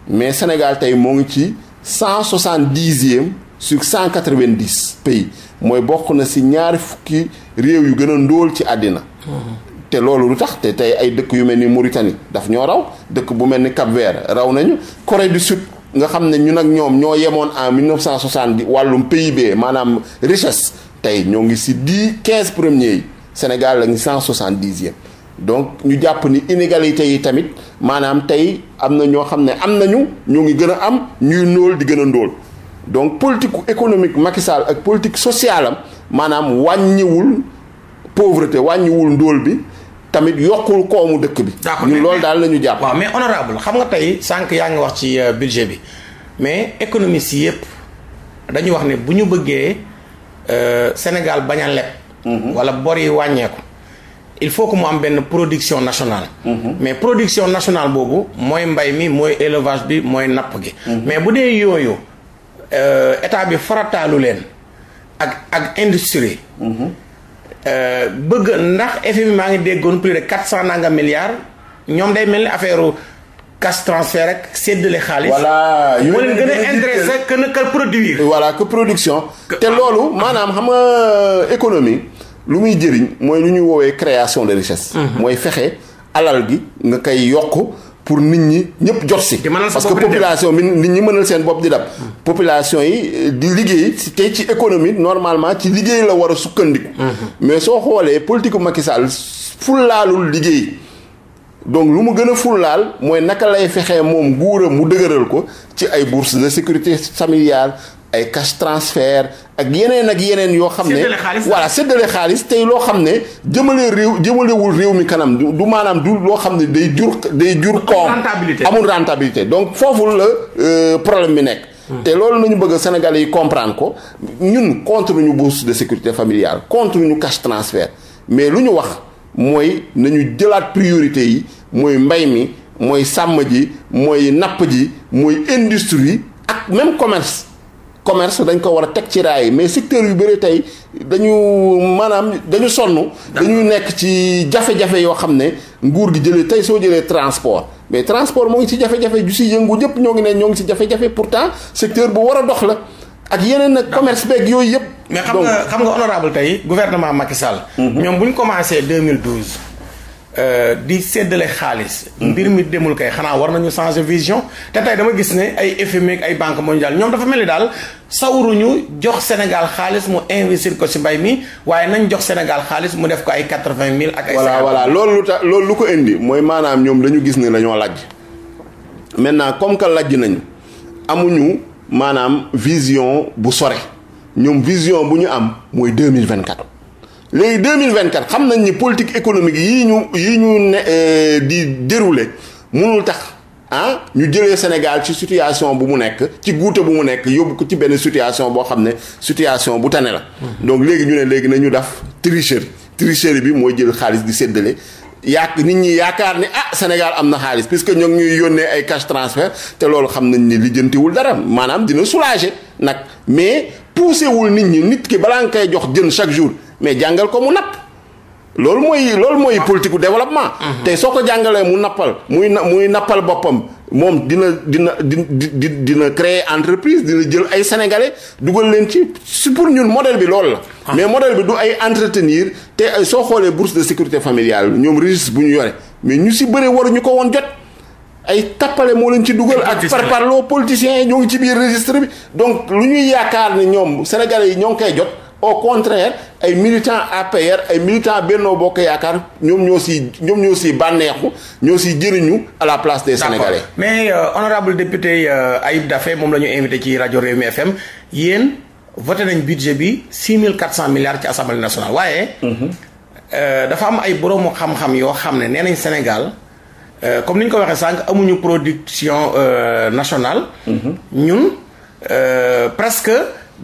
mais Sénégal tey moo ngi ci cent soixante dixième sur cent quatre vingt dix pays mooy bokk na si ñaari fukki réew yu gën a ndóol ci àddina mm-hmm. te loolu lu tax te tey ay dëkk yu mel ni Mauritanie daf ñoo raw dëkk bu mel ni Cap-Vert raw nañu Corée du Sud nga xam ne ñu ak ñoom ñoo yemoon en 1970 wàllum PIB maanaam richesse tey ñoo ngi si di quinze premiers yi Sénégal la ngi cent soixante dixième donc ñu jàpp ni inégalité yi tamit maanaam tey am na ñoo xam ne am nañu ñoo ngi gën a am ñuy nóol di gën a ndóol donc politique économique Macky Sall ak politique sociale am maanaam wàññiwul pauvreté wàññiwul ndóol bi tamit yokkul koomu dëkk bi. ñu loolu daal na ñu jàpp. mais honorable xam nga tey sànq yaa ngi wax ci euh, budget bi mais économistes yëpp dañu wax ne bu ñu bëggee. Euh, Sénégal bañ a leb. Mhm. bor yi wàññeeku. il faut que mu am benn production nationale. Mhm. mais production national boobu mooy mbay mi mooy élevage bi mooy napp gi. Mhm. mais bu dee yooyu euh, état bi farataalu leen ak ak industrie. Euh, bëgg ndax FMI maa ngi déggoon plus de quatre cent nanga milliards ñoom day mel ni affaire. cash transfert ak séddale xaalis. voilà moo a intéressé que ne voilà que production. te loolu maanaam xam nga euh, économie lu muy jëriñ mooy lu ñuy woowee création de richesse. Mhm. mooy fexe alal gi nga koy yokk pour nit ñi ñëpp jot si. parce que population mi nit ñi mënal seen bopp di dab. Mhm. population yi euh, di liggéey tey ci économie normalement ci liggéey la war a sukkandiku. Mhm. mais soo xoolee politique Macky Sall fulaalul liggéey. donc lu mu gën a fullaal mooy naka lay fexe moom nguuram mu dëgëral ko ci ay bourse de sécurité familiale ay cash transfert ak yeneen ak yeneen yoo xam ne voilà séddale xaalis tey loo xam ne jëmale réew jëmalewul réew mi kanam du maanaam du loo xam ne day jur day jur koom amul rentabilité donc foofu la euh, problème mi nekk hmm. te loolu nañu bëgg sénégal yi comprendre ko ñun contre ñu bourse de sécurité familiale contre ñu cash transfert mais lu ñu wax mooy nañu jëlaat priorité yi mooy mbay mi mooy sàmm ji mooy napp ji mooy industrie ak même commerce commerce dañ ko war a teg ci raay mais secteur yu bëri tey dañu maanaam dañu sonn dañu nekk ci jafe-jafe yoo xam ne nguur gi jëlee tey soo jëlee transport mais transport moo ngi ci jafe-jafe ju si yëngu ñëpp ñoo ngi ne ñoo ngi si jafe-jafe pourtant secteur bu war a dox la ak yeneen nag commerce beeg yooyu yëpp mais xam nga xam nga honorable tey gouvernement Macky Sall mhm. ñoom buñ commencé 2012 Euh, di seddale xaalis. Hmm. mbir mi demul kay xanaa war nañu changer vision te tey dama gis ne ay FMI ak ay banque mondiale ñoom dafa mel ni daal sawaruñu jox Sénégal xaalis mu investir ko si mbay mi waaye nañ jox Sénégal xaalis mu def ko ay quatre vingt mille ak ay. voilà voilà loolu lu tax loolu lu ko indi mooy maanaam ñoom dañu gis ni lañoo lajj maintenant comme que lajj nañu amuñu maanaam vision bu sore ñoom vision bu ñu am mooy deux mille vingt léegi deux mille vingt 2024 xam nañ ni politique économique yi ñu yii ñu ne euh, di dérouler mënul tax ah ñu jëlee Sénégal ci situation bu mu nekk ci guute bu mu nekk yóbbu ko ci benn situation boo xam ne situation bu tane la. donc léegi ñu ne léegi nañu def tricherie tricherie bi mooy jël xaalis di séddale. yaa nit ñi yaakaar ni ah Sénégal am na xaalis puisque ñoo ngi ñuy yónnee ay cash transfert te loolu xam nañ ni lijjantiwul dara maanaam dina soulager nag mais poussé wul nit ñi nit ki balaa nga koy jox jën chaque jour. mais jàngal ko mu napp loolu mooy loolu mooy politique u développement mhm. te soo ko jàngalee mu nappal muy muy nappal boppam moom dina dina di dina créer entreprise dina jël ay sénégalais dugal leen ci si pour ñun modèle bi loolu la ah. mais modèle bi du ay entretenir te euh, soo xoolee bourse de sécurité familiale ñoom registre bu ñu yore mais ñu si bëre waruñu ko woon jot ay tappale moo leen ci dugal ak par parloo politiciens yi ñoo ngi ci biir registre bi donc lu ñuy yaakaar ne ñoom sénégalais yi ñoo ngi koy jot au contraire ay militants APR ay militants Benno Bokk Yaakaar ñoom ñoo si ñoom ñoo si bànneexu ñoo si jëriñu à la place de Sénégalais. mais euh, honorable député euh, Ayib Daffé moom la ñu invité ci rajo Rewmi FM yéen vote nañ budget bi 6400 milliards ci assemblée nationale waaye. Mhm. Euh, dafa am ay boroomu xam-xam yoo xam ne nee nañ Sénégal euh, comme ni ñu ko waxee sànq amuñu production euh, nationale. Mhm. ñun presque.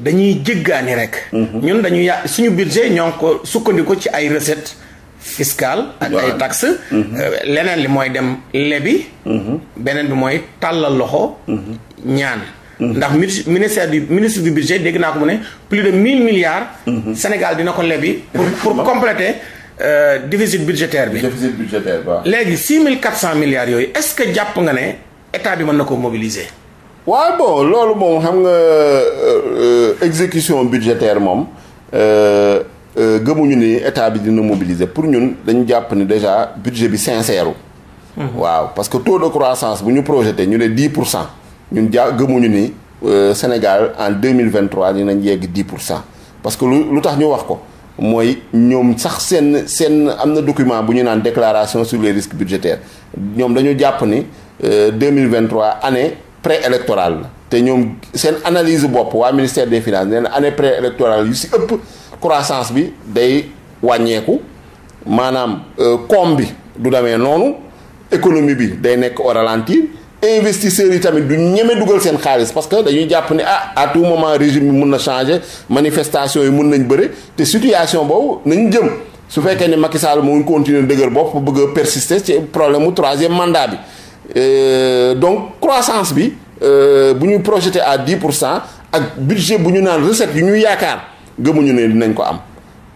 dañuy jéggaani rek. Mhm. ñun dañu yà suñu budget ñoo ko sukkandiku ci ay recettes fiscales. ak ay taxes. Mhm. Euh, leneen li mooy dem lebi. Mhm. beneen bi mooy tàllal loxo. ñaan. ndax ministère du ministre du budget dégg naa ko mu ne plus de mille milliards. Sénégal dina ko lebi. pour pour compléter euh, déficit budgétaire bi. déficit budgétaire waaw. léegi six mille quatre cent milliards yooyu est-ce que jàpp nga ne état bi mën na ko mobiliser. waaw bon loolu moom xam nga euh, euh, exécution budgétaire moom euh, gëmuñu ni état bi dina mobiliser pour ñun dañu jàpp ni déjà budget bi sincère mhm. waaw parce que taux de croissance bu ñu projeté ñu ne 10 pour cent ñun ja gëmuñu ni Sénégal en 2023 dinañ yegg 10 pour cent parce que lu lu tax ñu wax ko mooy ñoom sax seen seen am na document bu ñu naan déclaration sur les risques budgétaires ñoom dañu jàpp ni 2023 année préélectorale la te ñoom seen analyse bopp waa ministère des finances nee na année préélectorale yu si ëpp croissance bi day wàññeeku maanaam euh, koom bi du damee noonu économie bi day nekk au ralenti investisseurs yi tamit du ñeme dugal seen xaalis parce que dañuy jàpp ni ah à tout moment régime bi mun na changer manifestation yi mun nañ bëre te situation boobu nañ jëm su fekkee ne Macky Sall mu ngi continuer dëgër bopp bëgg a persister ci problème mu troisième mandat bi Euh, donc croissance bi euh, bu ñu projeté à 10 pour cent ak budget bu ñu naan recette yu ñuy yaakaar gëmuñu ne dinañ ko am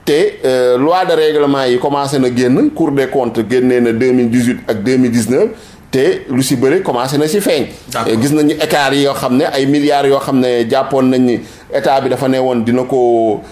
te euh, loi de règlement yi commencé na génn cour des comptes génnee na 2018 ak 2019 te lu si bëri commencé na si feeñ gis nañu écart yoo xam ne ay milliards yoo xam ne jàppoon nañ ni état bi dafa ne woon dina ko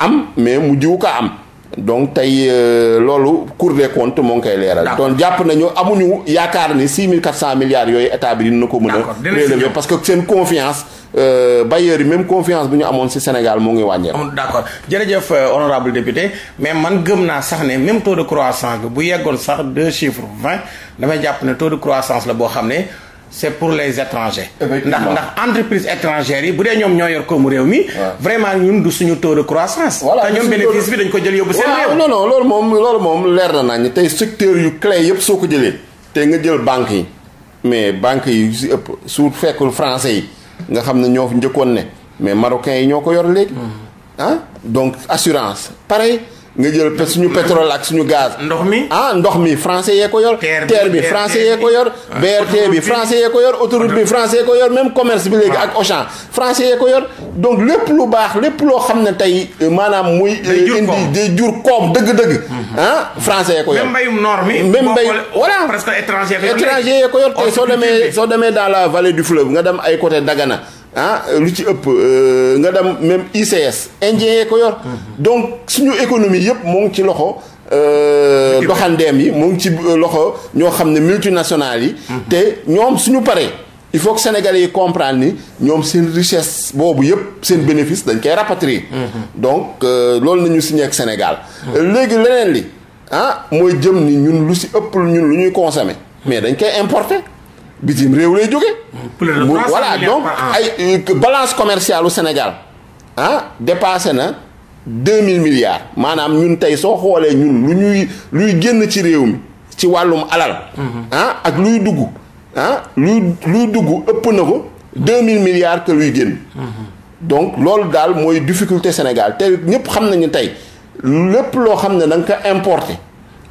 am mais mu jiwu ko am donc tey euh, loolu Cour des comptes moo ngi koy leeral. donc jàpp nañu amuñu yaakaar ni 6400 milliards yooyu état bi dina ko mën a. relever parce que seen confiance. Euh, bailleurs yi même confiance bu ñu amoon ci Sénégal moo ngi wàññeeku. d' accord jërëjëf euh, honorable député mais man gëm naa sax ne même taux de croissance bi bu yeggoon sax deux chiffres vingt damay jàpp ne taux de croissance la boo xam ne. c' est pour les étrangers. ndax ndax entreprise étrangères yi bu dee ñoom ñoo yor koomu réew mi. vraiment ñun du suñu taux de croissance. voilà te ñoom bénéfice bi dañ ko jël yóbbu seen réew. non loolu moom loolu moom leer na nañ tey secteur yu clé yëpp soo ko jëlee. te nga jël banques yi mais banques yi si ëpp su fekkul français yi nga xam ne ñoo njëkkoon ne mais marocains yi ñoo ko yor léegi. Mm. ah donc assurance pareil. nga jël suñu pétrole ak suñu gaz. ndox mi ah ndox mi français yee ko yor. terre bi français yee ko yor. Ah, BRT bi français yee ko yor autoroute bi ah. français yee ko yor même commerce bi léegi ah. ak Auchan français yee ko yor donc lépp lu baax lépp loo xam ne tey euh, maanaam muy. Euh, indi day jur koom dëgg-dëgg. Mhm. ah français yee ko yor. même mbayum noor mi. même mbay voilà presque étranger yee ko yor tey soo demee soo demee dans la vallée du fleuve nga dem ay côté Dagana. Ah, lu ci ëpp euh, nga dem même ICS indien ko yor donc suñu économie yëpp moo ngi ci loxo euh, doxandeem yi moo ngi ci euh, loxo ñoo xam ne multinationales yi mhm. te ñoom suñu paree il faut sénégal yi comprendre ni ñoom seen richesse boobu yëpp seen bénéfice dañ koy rapatrier mhm. donc loolu nañu signé ak Sénégal mhm. léegi leneen li ah mooy jëm ni ñun lu si ëpp ñun lu ñuy consommer mais dañ koy importer bitim réew lay jóge mu voilà donc ay euh, balance commerciale u Sénégal ah dépassé na deux mille milliards maanaam ñun tey soo xoolee ñun lu ñuy luy génn ci réew mi ci wàllum alal mhm. ah, ak luy dugg ah luy luy dugg ëpp na ko deux mille milliards que luy génn mhm. donc loolu daal mooy difficulté Sénégal te ñépp xam nañu tey lépp loo xam ne da ko importé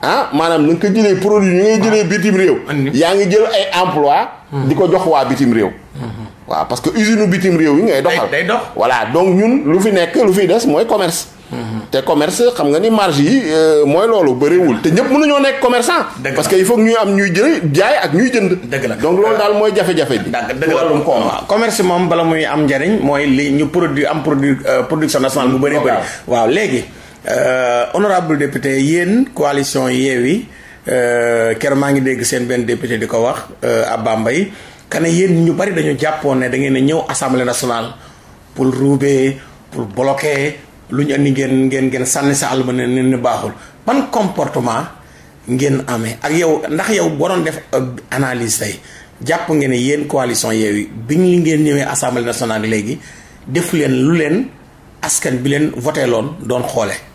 ah maanaam na nga ko jëlee produit ñu ngay jëlee bitim réew yaa ngi jël ay emploi hmm. di ko jox waa bitim réew hmm. waaw parce que usine bitim réew yi ngay doxal day dox voilà donc ñun lu fi nekk lu fi des mooy commerce hmm. te commerce xam nga ni marge yi euh, mooy loolu bëriwul te ñëpp mënuñoo nekk commerçant parce que il faut que ñuy am ñuy jël jaay ak ñuy jënd dëgg la donc loolu daal mooy jafe-jafe bi dëgg la wàllum koom commerce moom bala muy am njariñ mooy li ñu produit am produit euh, production nationale bu bëri oh, bëri waaw léegi Euh, honorable député yéen coalition Yewwi euh, keroog maa ngi dégg seen benn député di ko wax euh, Abba Mbaye kane yéen ñu bari dañu jàppoon ne da ngeen a ñëw assemblée nationale pour rouber pour bloquer lu ñu andi ngeen ngeen ngeen sànni sa àll ba ne ne baaxul ban comportement ngeen amee ak yow ndax yow boo doon def analyse tey jàpp ngeen ne yéen coalition Yewwi bi ñu ngeen ñëwee assemblée nationale léegi def leen lu leen askan bi leen voté loon doon xoole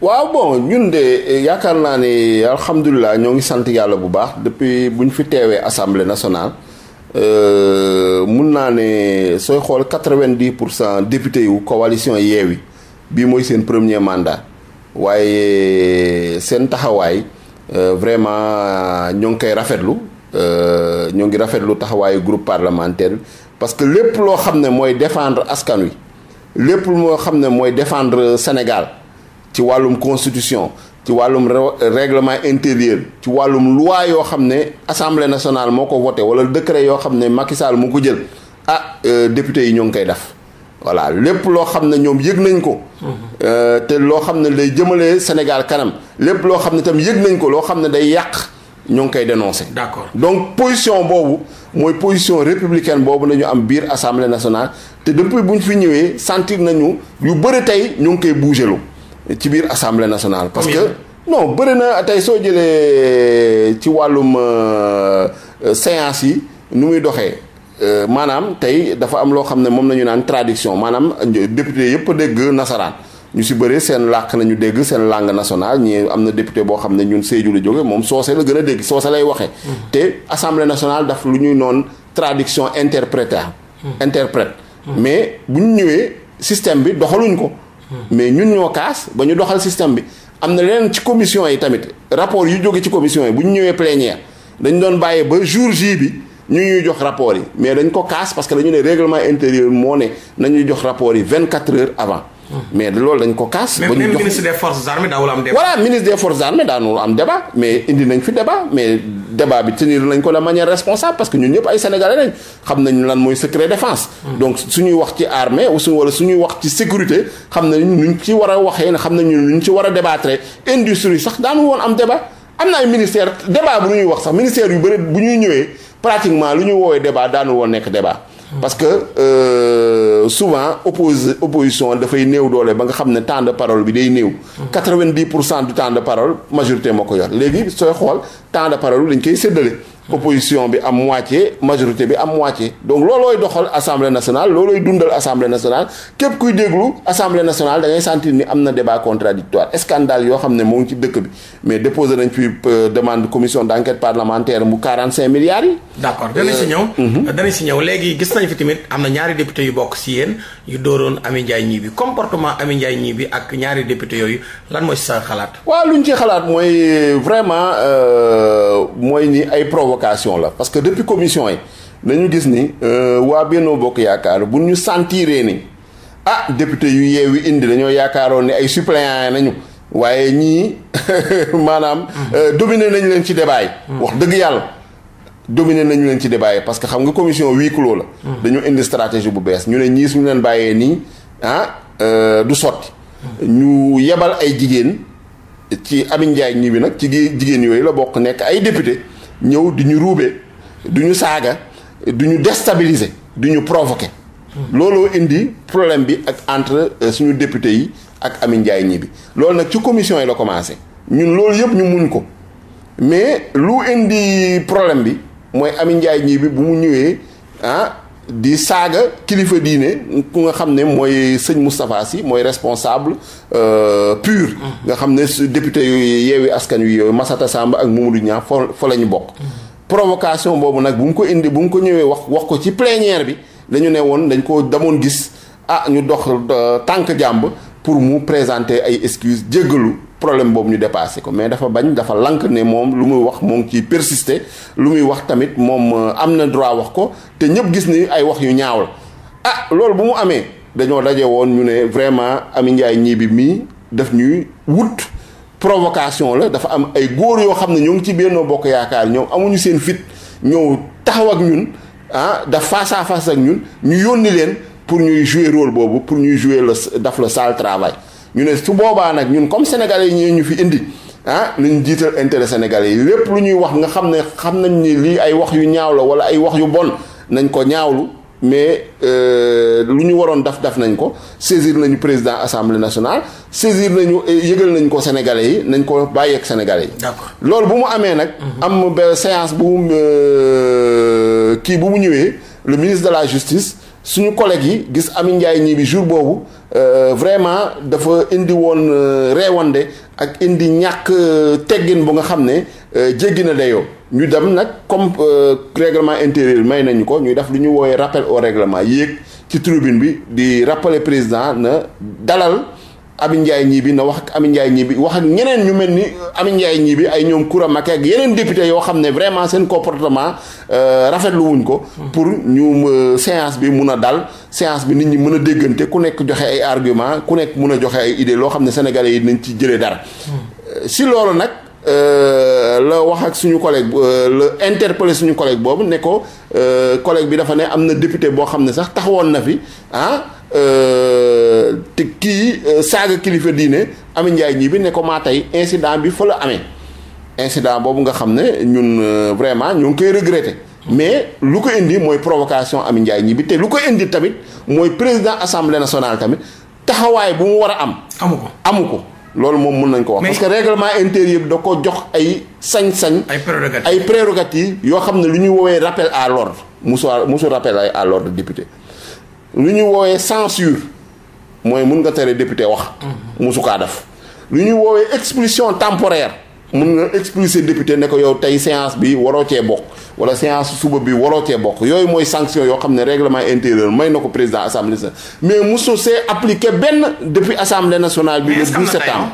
waaw bon ñun de eh, yaakaar naa ne alhamdulilah ñoo ngi sant yàlla bu baax depuis bu ñu fi teewee assemblée nationale euh, mun naa ne sooy xool quatre vingt pour cent député yu coalition yeewi bii mooy seen premier mandat waaye eh, seen taxawaay euh, vraiment ñoo ngi koy rafetlu euh, ñoo ngi rafetlu taxawaayu groupe parlementaire parce que lépp loo xam ne mooy défendre askan wi lépp loo xam ne mooy défendre Sénégal. ci wàllum constitution ci wàllum règlement intérieur ci wàllum loi yoo xam ne assemblée nationale moo ko voté wala décret yoo xam ne Macky moo ko jël ah euh, député yi ñoo ngi koy def voilà lépp loo xam ne ñoom yëg nañ ko. Mm-hmm. Euh, te loo xam ne day jëmalee Sénégal kanam lépp loo xam ne tam yëg nañ ko loo xam ne day yàq ñoo ngi koy dénoncé. d'accord donc position boobu mooy position républicain boobu nañu am biir assemblée nationale te depuis bu ñu fi ñëwee sentir nañu yu bëri tey ñoo ngi koy bougeloo. ci biir assemblée nationale. parce que non bëri na tey soo jëlee ci wàllum euh, séance yi nu muy doxee euh, maanaam tey dafa am loo xam ne moom la ñu naan traduction maanaam euh, député yëpp dégg nasaraan. ñu si bëri seen làkk ñu dégg seen langue nationale ñi am na député boo xam ne ñun Sédhiou la jóge moom soose la gën a dégg soose lay waxee. Mm-hmm. te assemblée nationale daf lu ñuy noon traduction mm-hmm. interprète interprète mm-hmm. mais bu ñu ñëwee système bi doxaluñ ko. mais ñun ñoo kaas ba ñu doxal système bi am na leneen ci commission yi tamit rapport yu jóge ci commission yi bu ñu ñëwee plénière dañ doon bàyyee ba jour J bi ñu ñuy jox rapport yi mais dañ ko kaas parce que dañu ne règlement intérieur moo ne nañuy jox rapport yi 24 heures avant mais loolu dañ ko kaas. ba ñu jox ministre des forces armées daawul am débat. am débat mais indi nañ fi débat mais débat bi tenir nañ ko la manière responsable parce que ñun ñëpp ay sénégalais lañ xam nañ lan mooy secret défense. Hmm. donc suñuy wax ci armée wala suñuy wax ci sécurité xam nañ ñu ci war a waxee ne xam nañu nañ ñu ci war a débattre industrie sax daanu woon am débat am na ay ministère débat bu ñuy wax sax ministère yu bëri bu ñuy ñëwee pratiquement lu ñuy woowee débat daanu woon nekk débat. parce que euh, souvent oppose opposition dafay néew doole ba nga xam ne temps de parole bi day néew. 90 pour cent du temps parole majorité moo ko yor léegi sooy xool temps de parole lañ koy séddale. opposition bi am moitié majorité bi am moitié donc loolooy doxal assemblée nationale loolooy na débat contradictoire scandale yoo xam ne moo ngi ci d' euh, enquête parlementaire mu d' accord danañ si euh, ñëw. Mhm. danañ si ñëw léegi gis nañ fi tamit am na ñaari député yu bokk si yéen yu dooroon Amy Ndiaye ñii bi comportement Amy Ndiaye ñii bi ak ñaari député yooyu lan mooy sa xalaat. waaw luñ ci xalaat mooy euh, vraiment mooy ni ay provocation provocation la parce que depuis commission yi dañu gis ni euh, waa Benno Bokk Yaakaar bu ñu sentiree ni ah député yu yeewi indi dañoo yaakaaroon ni ay suppléants nañu waaye ñii <laughs> maanaam mm-hmm. euh, dominé nañu leen ci débat yi mm-hmm. wax dëgg yàlla dominé nañu leen ci débat parce que xam nga commission huis la mm-hmm. dañoo indi stratégie bu bees ñu ne ñii suñu leen bàyyee nii ah euh, du sotti ñu yebal ay jigéen ci Amine Ndiaye ñi bi nag ci jigéen yooyu la bokk nekk ay député ñëw du ñu ruube du ñu saaga du ñu déstabiliser du ñu provoquer. looloo indi problème bi ak entre euh, suñu député yi ak Amin Ndiaye ñibbi bi loolu nag ci commission yi la commencé ñun loolu yëpp ñu muñ ko mais lu indi problème bi mooy Amin Ndiaye ñi bi bu mu ñëwee ah di saaga kilifa diine ku nga xam ne mooy sëñ Moustapha Sy mooy responsable euh, pur nga xam ne député yooyu yeewi askan wi yooyu Massata Samba ak Mamadou Niang fa fa la ñu bokk provocation boobu nag bu mu ko indi bu mu ko ñëwee wax wax ko ci plénière bi dañu ne woon dañ ko damoon gis ah ñu dox euh, tànk jàmb pour mu présenter ay excuses jéggalu problème boobu ñu dépassé ko mais dafa bañ dafa lank ne moom lu muy wax moo ngi ciy persister lu muy wax tamit moom euh, am na droit wax ko te ñëpp gis ni ay wax yu ñaaw la ah loolu bu mu amee dañoo daje woon ñu ne vraiment Amy Ndiaye Gniby mii daf ñuy wut provocation la dafa am ay góor yoo xam ne ñoo ngi ci Benno Bokk Yaakaar ñoom amuñu seen fit ñëw taxaw ak ñun ah daf face à ak ñun ñu yónni leen pour ñuy jouer rôle boobu pour ñuy jouer le daf le sale travail ñu ne su boobaa nag ñun comme sénégalais yi ñoo ñu fi indi ah ñu jiital intérêt sénégalais yi lépp lu ñuy wax nga xam ne xam nañ ni lii ay wax yu ñaaw la wala ay wax yu bon nañ ko ñaawlu mais euh, lu ñu waroon daf daf nañ ko saisir nañu président assemblée nationale saisir nañu eh, yëgal nañ ko sénégalais yi nañ ko bàyyeek ak yi. d'accord loolu bu mu amee nag. Mhm. am ba séance bu mu euh, kii bu mu ñëwee lu ministre de la justice. suñu collègue yi gis Ami Ndiaye ñii jour boobu euh, vraiment dafa indi woon euh, reewande ak indi ñàkk euh, teggin bu nga xam ne jéggi na dayoo ñu dem nag comme règlement intérieur may nañu ko ñuy def lu ñu woowee rappel au réglement yéeg ci tribune bi di rappeler président na dalal Amin Ndiaye ñii bi na wax ak Amin Ndiaye ñii bi wax ak ñeneen ñu mel ni Amin Ndiaye ñii bi ay ñoom Koura Macky ak yeneen député yoo xam ne vraiment seen comportement euh, rafetlu wuñ ko. pour ñu euh, séance bi mun a dal séance bi nit ñi mën a déggante ku nekk joxe ay argument ku nekk mun a joxe ay idée loo xam ne sénégalais yi nañ ci jëlee dara. Hmm. si loolu nag. Euh, la wax ak suñu collègue euh, la interpellé suñu collègue boobu ne ko euh, collègue bi dafa ne am na député boo xam ne sax taxawoon na fi ah te kii saaga kilifa diine Amy Ndiaye ñi bi ne ko maa tey insident bi fa la amee incident boobu nga xam ne ñun vraiment ñu ngi koy regretter mais lu ko indi mooy provocation Amy Ndiaye ñi bi te lu ko indi tamit mooy président assemblée nationale tamit taxawaay bu mu war a am. amu ko amu ko. loolu moom mun nañ ko wax. parce que règlement intérieur bi da ko jox ay sañ-sañ. ay prérogatives ay prérogatives yoo xam ne lu ñuy woowee rappel à l'ordre musu musu rappel à l'ordre député lu ñuy woowee censure mooy mun nga tere député wax. mosu mhm. kaa def lu ñuy woowee expulsion temporaire. mun nga expulser député ne ko yow tey séance bi waroo cee bokk wala séance suba bi waroo cee bokk yooyu mooy sanction yoo xam ne règlement intérieur may na ko président assemblée nationale mais mosu see appliqué benn depuis assemblée nationale bi le 12 septembre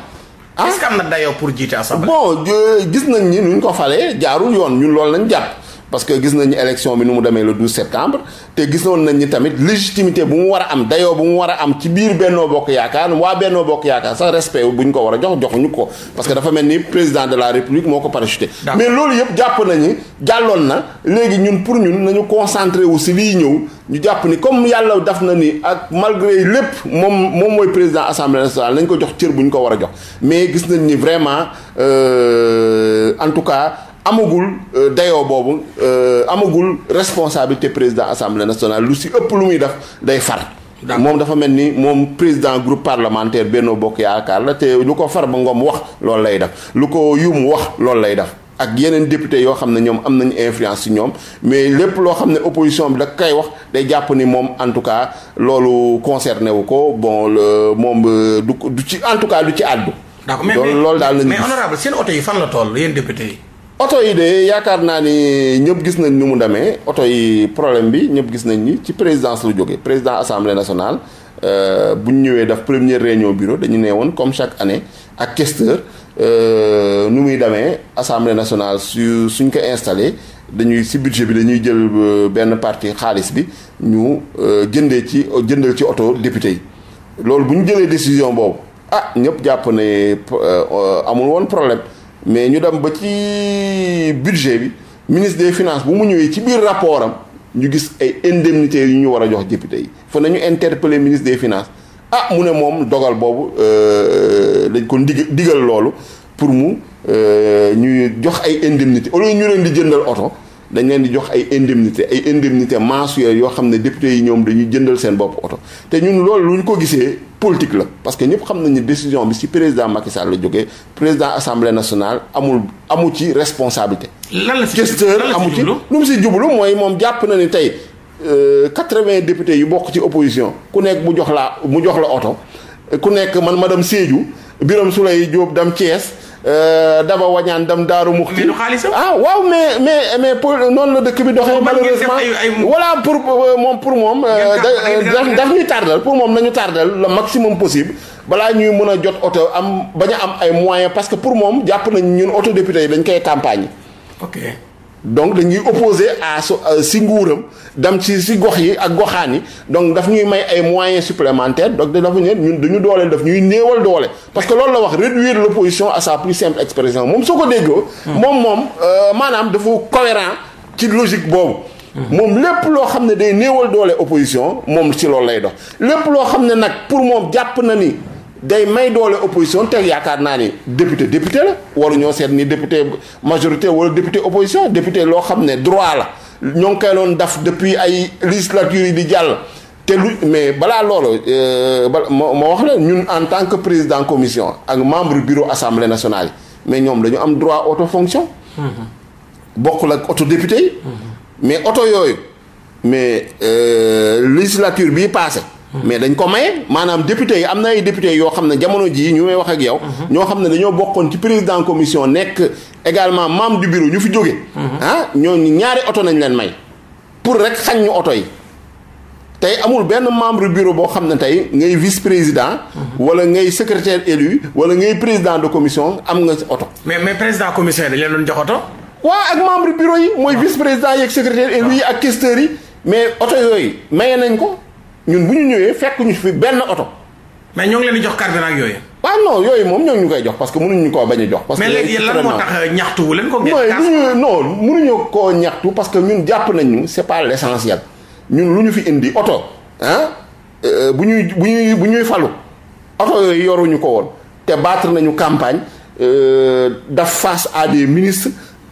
ah est am na dayoo pour jiite assemblée bon gis nañ ni ñu ko falee jaarul yoon ñun loolu lañ jàpp parce que gis nañu élection bi nu mu demee le 12 septembre te gisoon nañ ni tamit légitimité bu mu war a am dayoo bu mu war a am ci biir Bennoo Bokk Yaakaar waa Bennoo Bokk Yaakaar sax respect bu ñu ko war a jox joxuñu ko parce que dafa mel ni président de la République moo ko parachuté mais loolu yëpp jàpp nañu jàlloon na léegi ñun pour ñun nañu concentré wu si lii ñëw ñu jàpp ni comme yàlla daf na ni ak malgré lépp moom moom mooy président assemblée nationale nañ ko jox cër bu ñu ko war a jox mais gis nañ ni vraiment euh, en tout cas amagul euh, dayoo boobu euh, amagul responsabilité président assemblée nationale lu si ëpp lu muy def day far. moom dafa mel ni moom président groupe parlementaire Benno Bokk Yaakaar la te lu ko far ba ngoom wax loolu lay def lu ko yum wax loolu lay def. ak yeneen député yoo xam ne ñoom am nañu influence ci ñoom mais lépp loo xam ne opposition bi da koy wax day jàpp ni moom en tout cas loolu concerné wu ko bon moom euh, du du ci en tout cas du ci àddu. d'accord mais mais loolu daal la ñu. mais honorable seen oto yi fan la toll yéen député yi. oto yi de yaakaar naa ni ñëpp gis nañ ni mu demee oto yi problème bi ñëpp gis nañ ni ci présidence lu jóge président assemblée nationale euh, bu ñu ñëwee daf première réunion bureau dañu nee woon comme chaque année ak questeur euh, nu muy demee assemblée nationale su suñ ko installé dañuy si budget bi dañuy jël euh, benn partie xaalis bi ñu jëndee ci jëndal ci oto député yi loolu bu ñu jëlee décision boobu ah ñëpp jàpp ne amul woon problème mais ñu dem ba ci budget bi ministre de finance bu mu ñëwee ci biir rapport am ñu gis ay indemnités yu ñu war a jox député yi fa nañu interpeller ministre des finances ah mu ne moom dogal boobu euh, dañ ko dig digal loolu pour mu euh, ñuy jox ay indemnités olo lieu ñu leen di jëndal oto dañ leen di jox ay indemnité ay indemnité mensuelle yoo xam ne député yi ñoom dañuy jëndal seen bopp oto te ñun loolu lu ñu ko gisee politique la parce que ñëpp xam nañu décision bi ci président Macky Sall la jógee président assemblée nationale amul amu ci responsabilité. lan la questeur amu ci lu mu ci jublu mooy moom jàpp na ni tey euh, quatre-vingts députés yu bokk ci opposition ku nekk mu jox laa mu jox la oto. ku nekk man ma dem Sédhiou su Souleye Diop dem Thiès euh, Daba Wañaan dem Daaru Muxti ah waaw mais mais mais pour noonu la dëkk bi doxee malheureusement voilà pour euh, moom pour moom euh, daf ñu tardal pour moom nañu tardal le maximum possible balaa ñuy mën a jot oto am bañ a am ay moyens parce que pour moom jàpp nañ ñun oto député yi dañ koy campagne ok donc dañuy opposé à euh, si nguuram dem ci si gox yi ak goxaan yi donc daf ñuy may ay moyens supplémentaires donc dafa ñeen ñun duñu dooleel daf ñuy néewal doole parce que loolu la wax réduire l'opposition à sa plus simple expression moom soo ko déggoo moom moom euh, maanaam dafa cohérent ci logique boobu moom lépp loo xam ne day néewal doole opposition moom ci loolu lay dox lépp loo xam ne nag pour moom jàpp na ni day may doole opposition te yaakaar naa ni député député la waruñoo seet ni député majorité wala député opposition député loo xam ne droit la ñoo ngi koy doon daf depuis ay législature yi di jàll te lu mais balaa loolu moo euh, moo wax la ñun en tant que président commission ak membre bureau assemblée nationale mais ñoom lañu am droit autofonction mm-hmm. bokkul ak auto député yi mm-hmm. mais auto yooyu mais euh, législature bii passé mais dañ ko maye maanaam député yi am na ay député yoo xam ne jamono jii ñu may wax ak yow. ñoo xam ne dañoo bokkoon ci président commission nekk également membre du bureau ñu fi jóge ñoo ah, ñooñu ñaari oto nañ leen may. pour rek xañ ñu oto yi. tey amul benn membre bureau boo xam ne tey ngay vice président. wala ngay secrétaire élu wala ngay président de commission am nga oto. mais mais président commission dañ leen doon jox oto. waaw ak membre bureau yi. mooy vice président yeeg secrétaire élu ak questeurs yi. mais oto yooyu maye nañ ko. ñun bu ñu ñëwee fekk ñu fi benn oto. mais ñoo ngi leen di jox carburant yooyu. waaw non yooyu moom ñoo ñu koy jox parce que mënuñu koo bañ a jox. parce que mais léegi lan moo tax euh, ñaxtu wu leen ko. ngeen koo ñaxtu parce que ñun jàpp nañu c'est pas l'essentiel ñun lu ñu fi indi oto ah bu ñuy bu ñuy bu ñuy falu oto yoruñu ko woon te battre nañu campagne euh, daf face à des ministres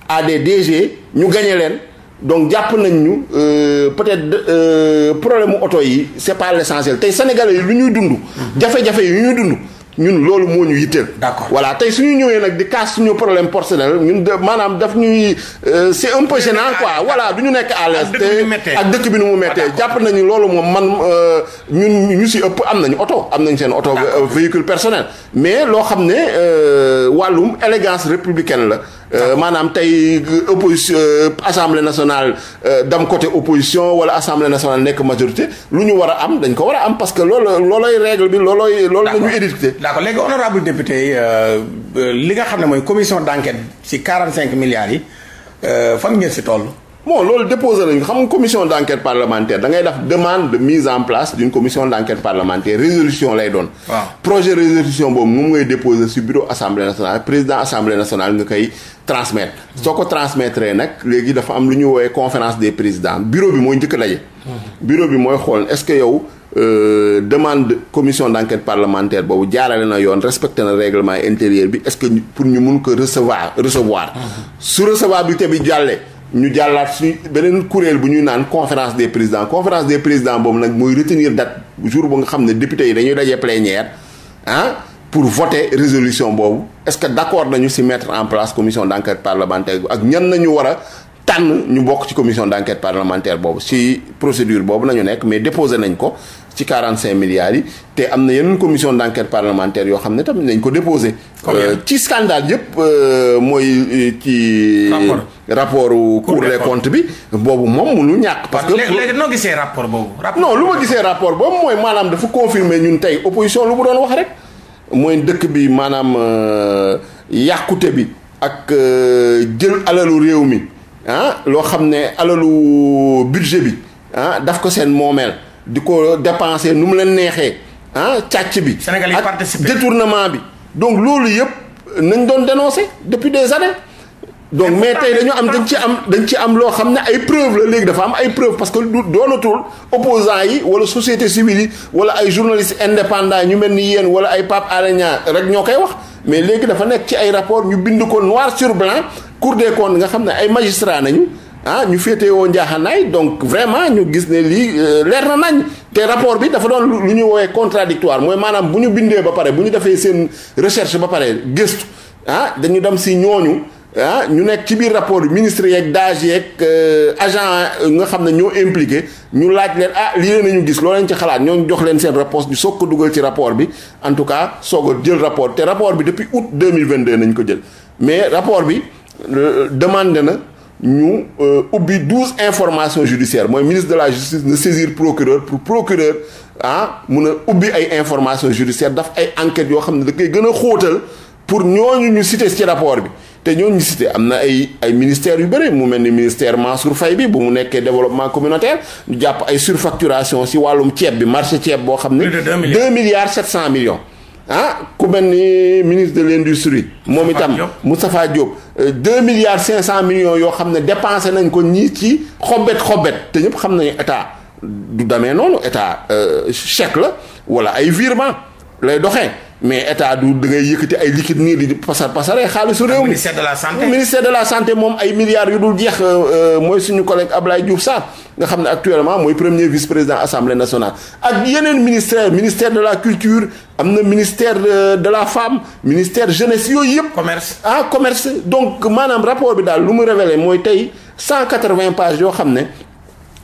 à des DG ñu gañe leen. donc jàpp nañ ñu euh, peut-être euh, problème mu oto yi c'est pas l'essentiel tey sénégalais yi lu ñuy dund. jafe-jafe yi ñuy dund. ñun loolu moo ñu yitteel. d'accord voilà tey suñu ñëwee nag di kaas suñu problème personnel ñun de maanaam daf ñuy euh, c'est un peu gênant quoi voilà du ñu nekk à l'aise te ak dëkk bi nu mu méttee jàpp nañu loolu moom man ñun ñu si ëpp am nañu oto am nañu seen oto véhicule personnel mais loo xam ne wàllum élégance républicaine la Euh, maanaam tey euh, opposition euh, assemblée nationale dam côté opposition wala assemblée nationale nekk majorité lu ñu war a am dañ ko war a am parce que loolu loolooy règle bi loolooy. loolu la ñu édicté. d'accord léegi honorable député li nga xam ne mooy commission d'enquête ci cinq milliards yi fan ngeen si toll. bon loolu déposé nañu xam nga commission d' enquête parlementaire da ngay def demande de mise en place d' une commission d' enquête parlementaire résolution lay doon. waaw projet résolution boobu moom ngay déposé si bureau assemblée président assemblée nationale nga koy transmettre. soo ko transmettre nag léegi dafa am lu ñu woowee conférence des président bureau bi mooy njëkk daje. bureau bi mooy xool est-ce que yow. Euh, demande de commission d'enquête parlementaire boobu jaarale na yoon respecté na règlement intérieur bi est-ce que pour ñu ko recevoir recevoir. Mm-hmm. su recevoir ñu jàllaat su beneen kuréel bu ñuy naan conférence des présidents conférence des présidents boobu nag mooy retenir date jour bu nga xam ne député yi dañuy dajee plénière ah pour voter résolution boobu est-ce que d'accord nañu ci mettre en place commission d'enquête parlementaire ak ñan nañu war a tànn ñu bokk ci commission d'enquête parlementaire boobu ci procédure boobu nañu nekk mais déposé nañ ko ci 45 milliards yi te am na yeneen commision d'enquête parlementaire yoo xam ne tamit nañ ko déposé euh, ci scandale yëpp euh, mooy euh, ci rapport Cour des comptes bi boobu moom munu ñàkk parce que léegi noo gisee rapport boobu non lu ma gisee rapport boobu mooy maanaam dafa confirmer ñun tey opposition lu mu doon wax rek mooy dëkk bi maanaam yàqute bi ak jël alalu réew mi ah loo xam ne alalu budget bi ah daf ko seen moomeel di ko dépenser nu mu leen neexee ah càcc bi. Sénégal yi participer ak détournement bi. donc loolu yëpp nañ doon dénoncer depuis des années. donc mais tey dañu am dañ ci am dañ ci am loo xam ne ay preuve la léegi dafa am ay preuve parce que du doonatul opposants yi wala société civile yi wala ay journalistes indépendants ñu mel ni yéen wala ay Pape Alé Niang rek ñoo koy wax mais léegi dafa nekk ci ay rapport ñu bind ko noir sur blanc Cour des comptes nga xam ne ay magistrats nañu ah ñu féetewoo njaaxanaay donc vraiment ñu gis ne lii euh, leer na nañ te rapport bi dafa doon lu ñu woowee contradictoire mooy maanaam bu ñu bindee ba pare bu ñu defee seen recherche ba pare gëstu ah dañu dem si ñooñu ah ñu nekk ci biir rapport bi ministre yeeg DAGE yeeg euh, agent nga xam ne ñoo impliqué ñu laaj leen ah lii leen nañu gis loo leen ci xalaat ñooñu jox leen seen rapport ñu soo ko dugal ci rapport bi en tout cas soog a jël rapport te rapport bi depuis août 2022 nañ ko jël mais rapport bi euh, demande na ñu euh, ubbi douze information judiciaires mooy ministre de la justice na saisir procureur pour procureur ah mun a ubbi ay informations judiciaires daf ay enquêtes yoo xam ne da koy gën a xóotal pour ñooñu ñu cité ci rapport bi te ñooñu ñu cité am na ay ay ministères yu bari mu mel ni ministère Mansour Faye bi bu mu nekkee développement communautaire ñu jàpp ay surfacturation si wàllum ceeb bi marché ceeb boo xam ne. deux milliards sept cent millions. ah ku mel ni ministre de l' industrie. moom itam Moustapha Diop. 2 euh, milliards cent millions yoo xam ne dépensé nañ ko ñii ci xobet xobet te ñëpp xam nañu état du demee noonu état euh, chèque la wala ay virement lay doxe mais état du da yëkkati ay liquide nii di pasar pasaree xaalisu réew mi ministère de la santé ministère de la santé moom ay milliards yu dul jeex euh, euh, mooy suñu collègue Ablaye Diouf Sarr nga xam ne actuellement mooy premier vice président assemblée nationale ak yeneen ministère ministère de la culture am na ministère euh, de la femme ministère jeunesse yooyu yëpp. commerce ah commerce donc maanaam rapport bi daal lu mu révélé mooy tey cent quatre-vingts pages yoo xam ne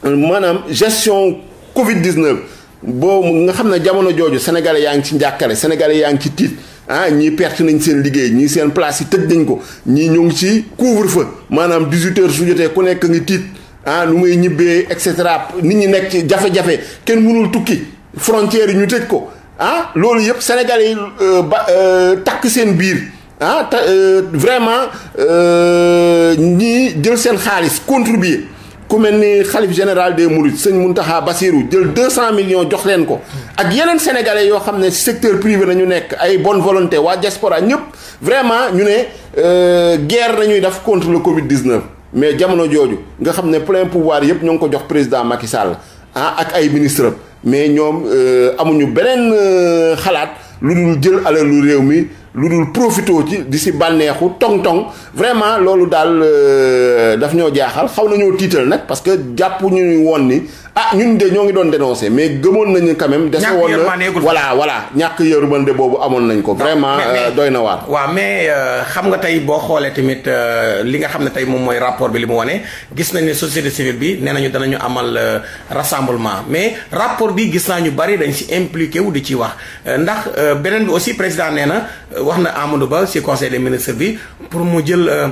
maanaam gestion Covid 19. boo nga xam ne jamono jooju sénégalais yaa ngi ci njàkkare sénégalais yaa ngi ci tiit ah ñii perte nañ seen liggéey ñii seen place yi tëj nañ ko ñii ñu ngi ci couvre-feu maanaam 18 heures ku nekk ngi tiit ah nu muy ñibbee et cetera nit ñi nekk ci jafe-jafe kenn mënul tukki frontières yi ñu tëj ko ah loolu yëpp sénégalais yi euh, ba euh, takk seen biir ah ta euh, vraiment ñii jël seen xaalis contribuer ku mel ni xalif général des Mourides sëñ Mountakha Bassirou jël 200 millions jox leen ko. ak yeneen sénégalais yoo xam ne secteur privé la ñu nekk ay bon volonté waa diaspora ñëpp vraiment ñu ne euh, guerre la ñuy def contre le Covid 19. mais jamono jooju nga xam ne plein pouvoir yëpp ñoo ngi ko jox président Macky Sall ah ak ay ministre mais ñoom euh, amuñu beneen euh, xalaat lu dul jël alalu réew mi lu dul profité ci di si bànneexu tong-tong vraiment loolu daal euh, daf ñoo jaaxal xaw nañoo tiital nag parce que jàpp ñu woon ni ah ñun de ñoo ngi doon dénoncé mais gëmoon nañu quand même. dese woon na voilà voilà ñàkk yërmande boobu amoon nañ ko. vraiment euh, doy na waar. waa mais euh, xam nga tey boo xoolee tamit li nga xam ne tey moom mooy rapport bi li mu wane gis nañ ne société civile bi nee nañu danañu amal rassemblement mais rapport bi gis naa ñu bari dañ si impliqué wu di ci wax ndax beneen bi aussi président na wax na Amadou Ba si conseil des bi jël euh,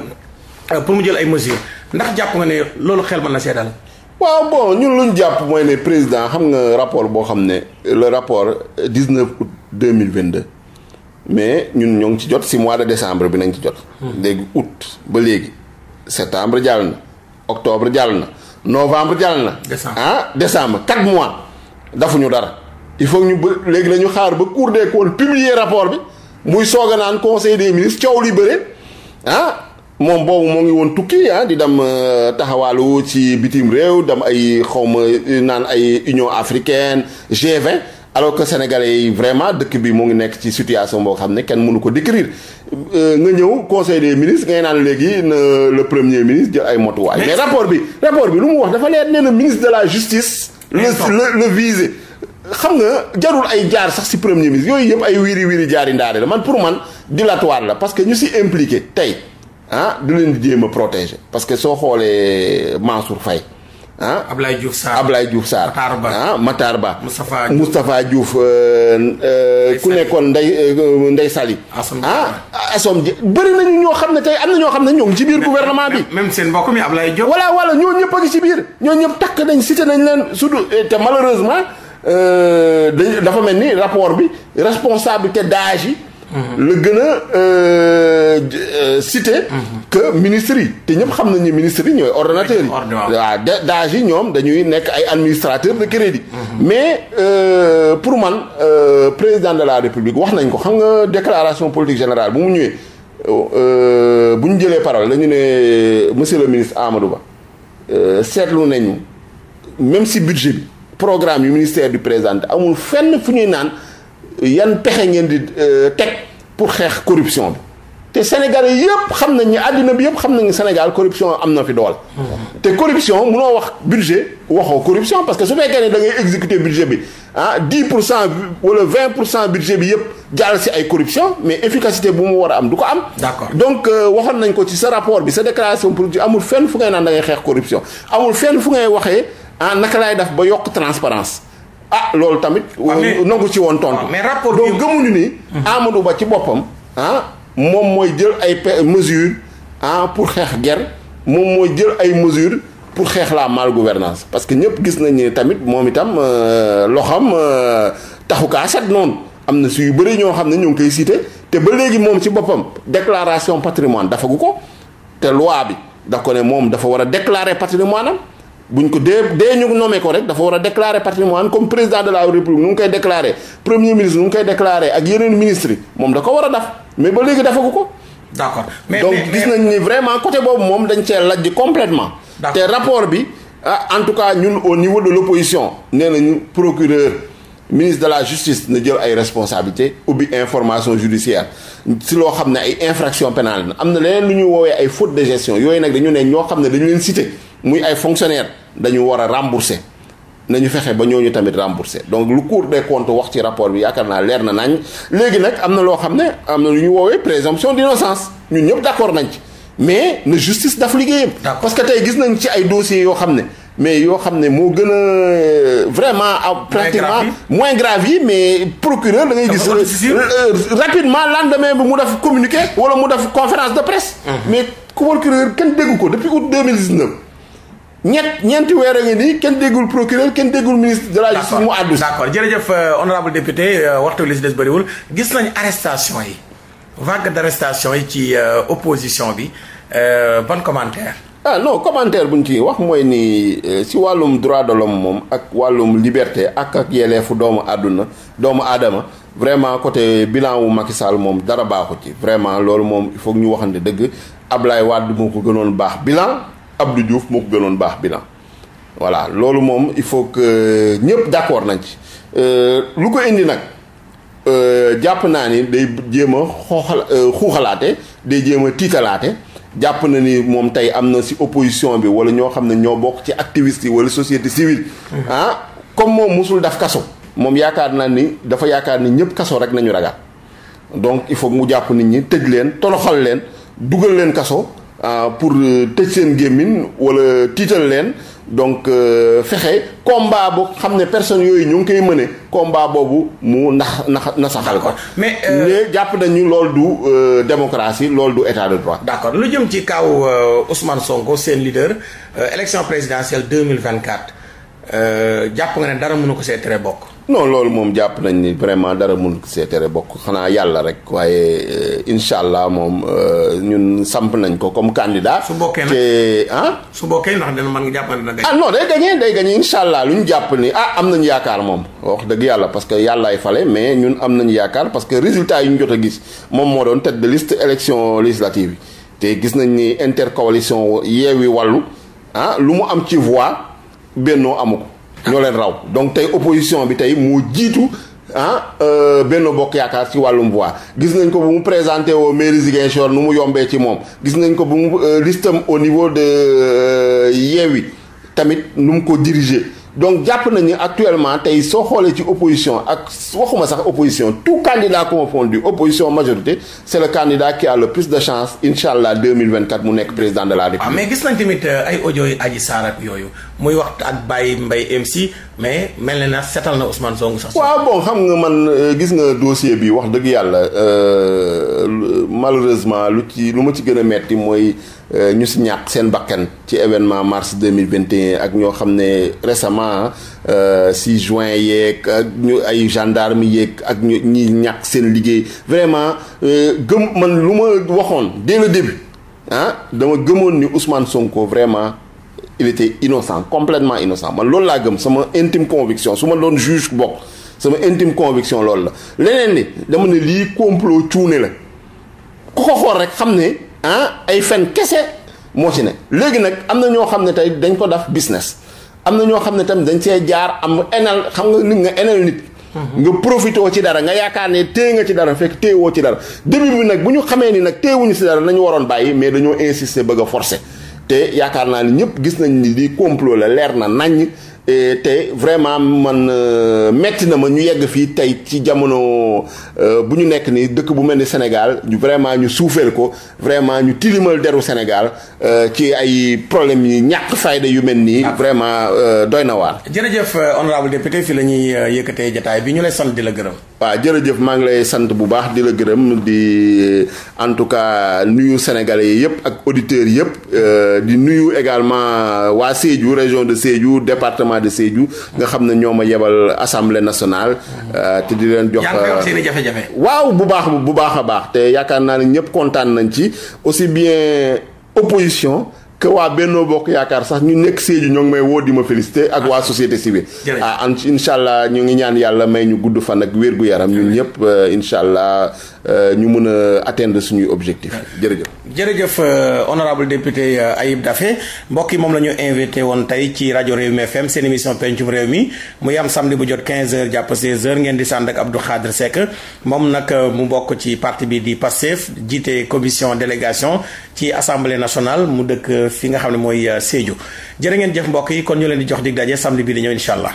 euh, pour mu jël ay mesures ndax jàpp nga ne loolu xel mën na seedal. waaw bon ñun lu ñu jàpp mooy ne président xam nga rapport boo xam ne le rapport euh, mille août 2022 mais ñun ñoo ngi ci jot si mois de décembre bi nañ ci jot. Hmm. léegi août ba léegi septembre jàll na octobre jàll na novembre jàll na. décembre ah décembre 4 mois dafuñu dara. il faut ñu ba léegi nañu xaar ba cour des comptes publier rapport bi muy soog a naan conseil des ministres coow li ah moom boobu moo ngi woon tukki ah di dem euh, taxawaalu ci bitim réew dem ay xawma naan ay Union africaine G20 alors que sénégalais yi vraiment dëkk bi moo ngi nekk ci situation boo xam ne kenn mënu ko décrire euh, nga ñëw conseil des ministres ngay naan léegi na le premier ministre jël ay motuwaay mais rapport bi rapport bi lu mu wax dafa leer nee na ministre de la justice le le visé xam nga jarul ay jaar sax ci premier ministre yooyu yëpp ay wiri wiri jaari ndaare la man pour man dilatoire la parce que ñu si impliqué tey ah du leen di jéem a protéger parce que soo xoolee Mansour Faye ah Ablaye Diouf Sarr Ablaye Diouf Sarr ah Matar Ba Moustapha Moustapha Diouf euh, euh, ku nekkoon Ndeye euh, Ndeye Sali ah asom ji bëri nañu ñoo xam ne tey am na ñoo xam ne ñoo ci biir gouvernement bi même seen mi Ablaye Diop voilà voilà ñoo ñëpp a ngi ci biir ñoo ñëpp takk nañ si cité nañ leen su te malheureusement Euh, dañ dafa mel ni rapport bi responsabilité d'âge yi. Mhm. la gën a euh, euh, cité. Mhm. que ministres yi te ñëpp xam nañu ne ministres yi ñooy ordinateur yi. waaw d'âge yi ñoom dañuy nekk ay administrateurs de crédit. Mhm. mais pour man président de la république wax nañ ko xam nga déclaration politique générale bu mu ñëwee. bu ñu jëlee parole dañu ne monsieur le ministre Amadou Ba seetlu nañu même si budget bi programme yu ministère du présenté amul fenn fu ñuy naan yan pexe ngeen di euh, teg pour xeex corruption bi te Sénégalais yëpp xam nañ ni àddina bi yëpp xam nañ ni Sénégal corruption am na fi doole. Mmh. te corruption munoo wax budget waxoo corruption parce que su fekkee ne da ngay exécuter budget bi ah 10 pour cent wala 20 pour cent budget bi yëpp jaal si ay corruption mais efficacité bu mu war a am du ko am. d'accord donc euh, waxoon nañ ko ci sa rapport bi sa déclaration politique amul fenn fu ngay naan da xeex corruption amul fenn fu ngay waxee. ah naka laay def ba yokk transparence ah loolu tamit. Ah, nangu ci woon tontu. Ah, mais rapport bi donc gëmuñu ni. Amadou Ba ci boppam ah moom mooy jël ay mesures ah pour xeex guerre moom mooy jël ay mesures. pour xeex laa mal gouvernance parce que ñëpp gis nañ ne tamit moom itam loo xam euh, loxam euh, taxukaa set noonu am na si yu bëri ñoo xam ne ñoo ngi koy cité te ba léegi moom ci boppam déclaration patrimoine dafa gu ko te loi bi da ko ne moom dafa war a déclarer patrimoine am buñ ko dee dee ñu nommé ko rek dafa war a déclarer patrimoine comme président de la république nu ngi koy déclarer premier ministre nu ngi koy déclarer ak yeneen ministres yi moom da ko war a def mais ba léegi defagu ko. d'accord mais donc gis nañ ni vraiment côté boobu moom dañ cee lajj complètement te rapport bi ah, en tout cas ñun au niveau de l'opposition nee nañu procureur ministre de la justice na jël ay responsabilités ubbi information judiciaire si loo xam ne ay infraction pénale na am na leneen lu ñuy woowee ay faute de yooyu nag dañu ne ñoo xam ne dañu leen cité muy ay fonctionnaire dañu war a rembourser nañu fexe ba ñooñu tamit rembourser donc lu Cour de comptes wax ci rapport bi yaakaar naa leer na nañ léegi nag am na loo xam ne am na lu ñu woowee présomption d'innocence ñun ñëpp d'accord nañ ci mais na justice daf liggéeyam parce que tey gis nañ ci ay dossiers yoo xam ne mais yoo xam ne moo gën a euh, vraiment pratiquement moins grave yi mais procureur da ngay gis euh, euh, rapidement lendemain bi mu def communiqué wala mu def conférence de presse mais procureur kenn dégg ko depuis août 2019 ñett ñeenti weer a ngi kenn déggul procureur kenn déggul ministre de la justice mu àddu si. d'accord jërëjëf euh, honorable député euh, waxtu li des bëriwul gis nañ arrestation yi vague d'arrestation yi ci euh, opposition bi ban commentaire. ah non commentaire bu ñu ciy wax mooy ni si wàllum droit de l'homme moom ak wàllum liberté ak ak yeleefu doomu àdduna doomu aadama vraiment côté bilan wu Macky Sall moom dara baaxu ci vraiment loolu moom il faut ñu waxante dëgg Ablaye Wade moo ko gënoon baax bilan. Abdou Diouf moo ko gënoon baax bilan voilà loolu moom il faut que ñëpp d'accord nañ ci euh, lu ko indi nag euh, jàpp naa ni day jéem a xooxal euh, xuuxalaate day jéem a tiitalaate jàpp na ni moom tey am na si opposition bi walla ñoo xam ne ñoo bokk ci activiste yi walla société civile mm-hmm. ah comme moom mosul daf kaso moom yaakaar naa ni dafa yaakaar ni ñëpp kaso rek nañu ragal donc il faut mu jàpp nit ñi tëj leen toroxal leen dugal leen kaso Euh, pour euh, tëj seen gémmin wala tiital leen donc euh, fexe komba boo xam ne personnes yooyu ñu ngi koy mëne combat boobu mu nax nax nasaxal ko. mais mais jàpp nañu lool du démocratie lool du état de droit. d' accord lu jëm ci kaw Ousmane Sonko seen leader élection présidentielle deux mille vingt quatre jàpp nga ne dara mënu ko see tere bokk. non loolu moom jàpp nañ ni vraiment dara mun seetere bokk xanaa yàlla rek waaye euh, incha allah moom euh, ñun samp nañ ko comme candidat. su bokkee te ah. su bokkee ndax dina mën nga jàpp ne dina. ah non day gagné day gagné incha allah lu ñu jàpp ni ah am nañu yaakaar moom wax dëgg yàlla parce que yàllaay fale mais ñun am nañu yaakaar parce que résultat yi ñu jot a gis moom moo doon tête de liste élection législative bi te gis nañ ni intercoalition yeewi wàllu ah lu mu am ci voix bennoo amu ñoo leen raw donc tey opposition bi tey moo jiitu ah euh, benn Bokk Yaakaar ci wàllum voix gis nañ ko bu mu présenté woo mairie Ziguinchor nu mu yombee ci moom gis nañ ko bu mu euh, listam au niveau de euh, Yewwi tamit nu mu ko diriger. donc jàpp nañu actuellement tey soo xoolee ci opposition ak waxuma sax opposition tout candidat confondu opposition majorité c' est le candidat qui a le plus de chance incha allah 2024 mu nekk président de la ah, république. waaw mais gis nañ tamit euh, ay ojo yi Adji Sarr yooyu muy wax ak Baye Mbaye MC mais mel na ne setal na Ousmane Sonko sax. waaw bon xam nga man euh, gis nga dossier bi wax dëgg yàlla euh, malheureusement lu ci lu ma ci gën a metti mooy. Euh, ñu si ñàkk seen bakkan ci événement mars 2021 ak ñoo xam ne récemment 6 euh, juin yeeg ak ñu ay gendarme yeeg ak ñu ñi ñàkk seen liggéey vraiment euh, gëm man lu ma waxoon dès le début ah dama gëmoon ni Ousmane Sonko vraiment il était innocent complètement innocent man loolu laa gëm sama intime conviction su ma doon juge bokk sama intime conviction loolu la leneen ni dama ne lii complot cuune la ku ko xool rek xam ne ah ay fen kese moo ci ne léegi nag am na ñoo xam ne tey dañ ko def business am na ñoo xam ne tamit dañ see jaar am enal xam nga nit nga enal nit. Mhm. nga profité ci dara nga yaakaar ne téye nga ci dara fekk téyewoo ci dara début bi nag bu ñu xamee ni nag téyewuñu ci dara nañu waroon bàyyi mais dañoo insister bëgg a te yaakaar naa ni ñëpp gis nañ ni lii complot la leer na naññ. te vraiment man euh, metti na ma ñu yegg fii tey ci jamono euh, bu ñu nekk nii dëkk bu mel ni Sénégal ñu vraiment ñu suufeel ko vraiment ñu tilimal deru Sénégal euh, ci ay problème yi ñàkk fayda yu mel nii. vraiment doy na waar. jërëjëf honorable député fi la ñuy yëkkatee jotaay bi ñu lay sant di la gërëm. waa jërëjëf maa ngi lay sant bu baax di la gërëm di en tout cas nuyu sénégalais yëpp ak auditeurs yëpp di nuyu également waa Sédhiou région de Sédhiou département. département de Sédhiou nga xam ne ñoo ma yebal assemblée nationale. Euh, te di leen jox euh, waaw bu baax bu baax a baax te yaakaar naa ne ñëpp kontaan nañ ci aussi bien opposition. que waa Bennoo Bokk Yaakaar sax ñu nekk Sédhiou ñoo ngi may woo di ma félicité ak ah. waa société civile ah incha allah ñu ngi ñaan yàlla may ñu gudd fan ak wér gu yaram ñun ñëpp euh, incha allah Euh, ñu mën a atteindre suñuy objectif jërëjëf. jërëjëf euh, honorable député euh, Ayib Daffé mbokk yi moom la ñu invité woon tey ci rajo Rewmi FM seen émission pencum réew mi mu yam samedi bu jot 15h jàpp 16h ngeen di sànd ak Abdou Khadre Seck moom nag mu bokk ci parti bi di PASTEF jiite commission délégation ci assemblée nationale mu dëkk fi nga xam ne mooy Sédhiou jërë ngeen jëf mbokk yi kon ñu leen di jox dig daje samedi bi di ñëw incha allah.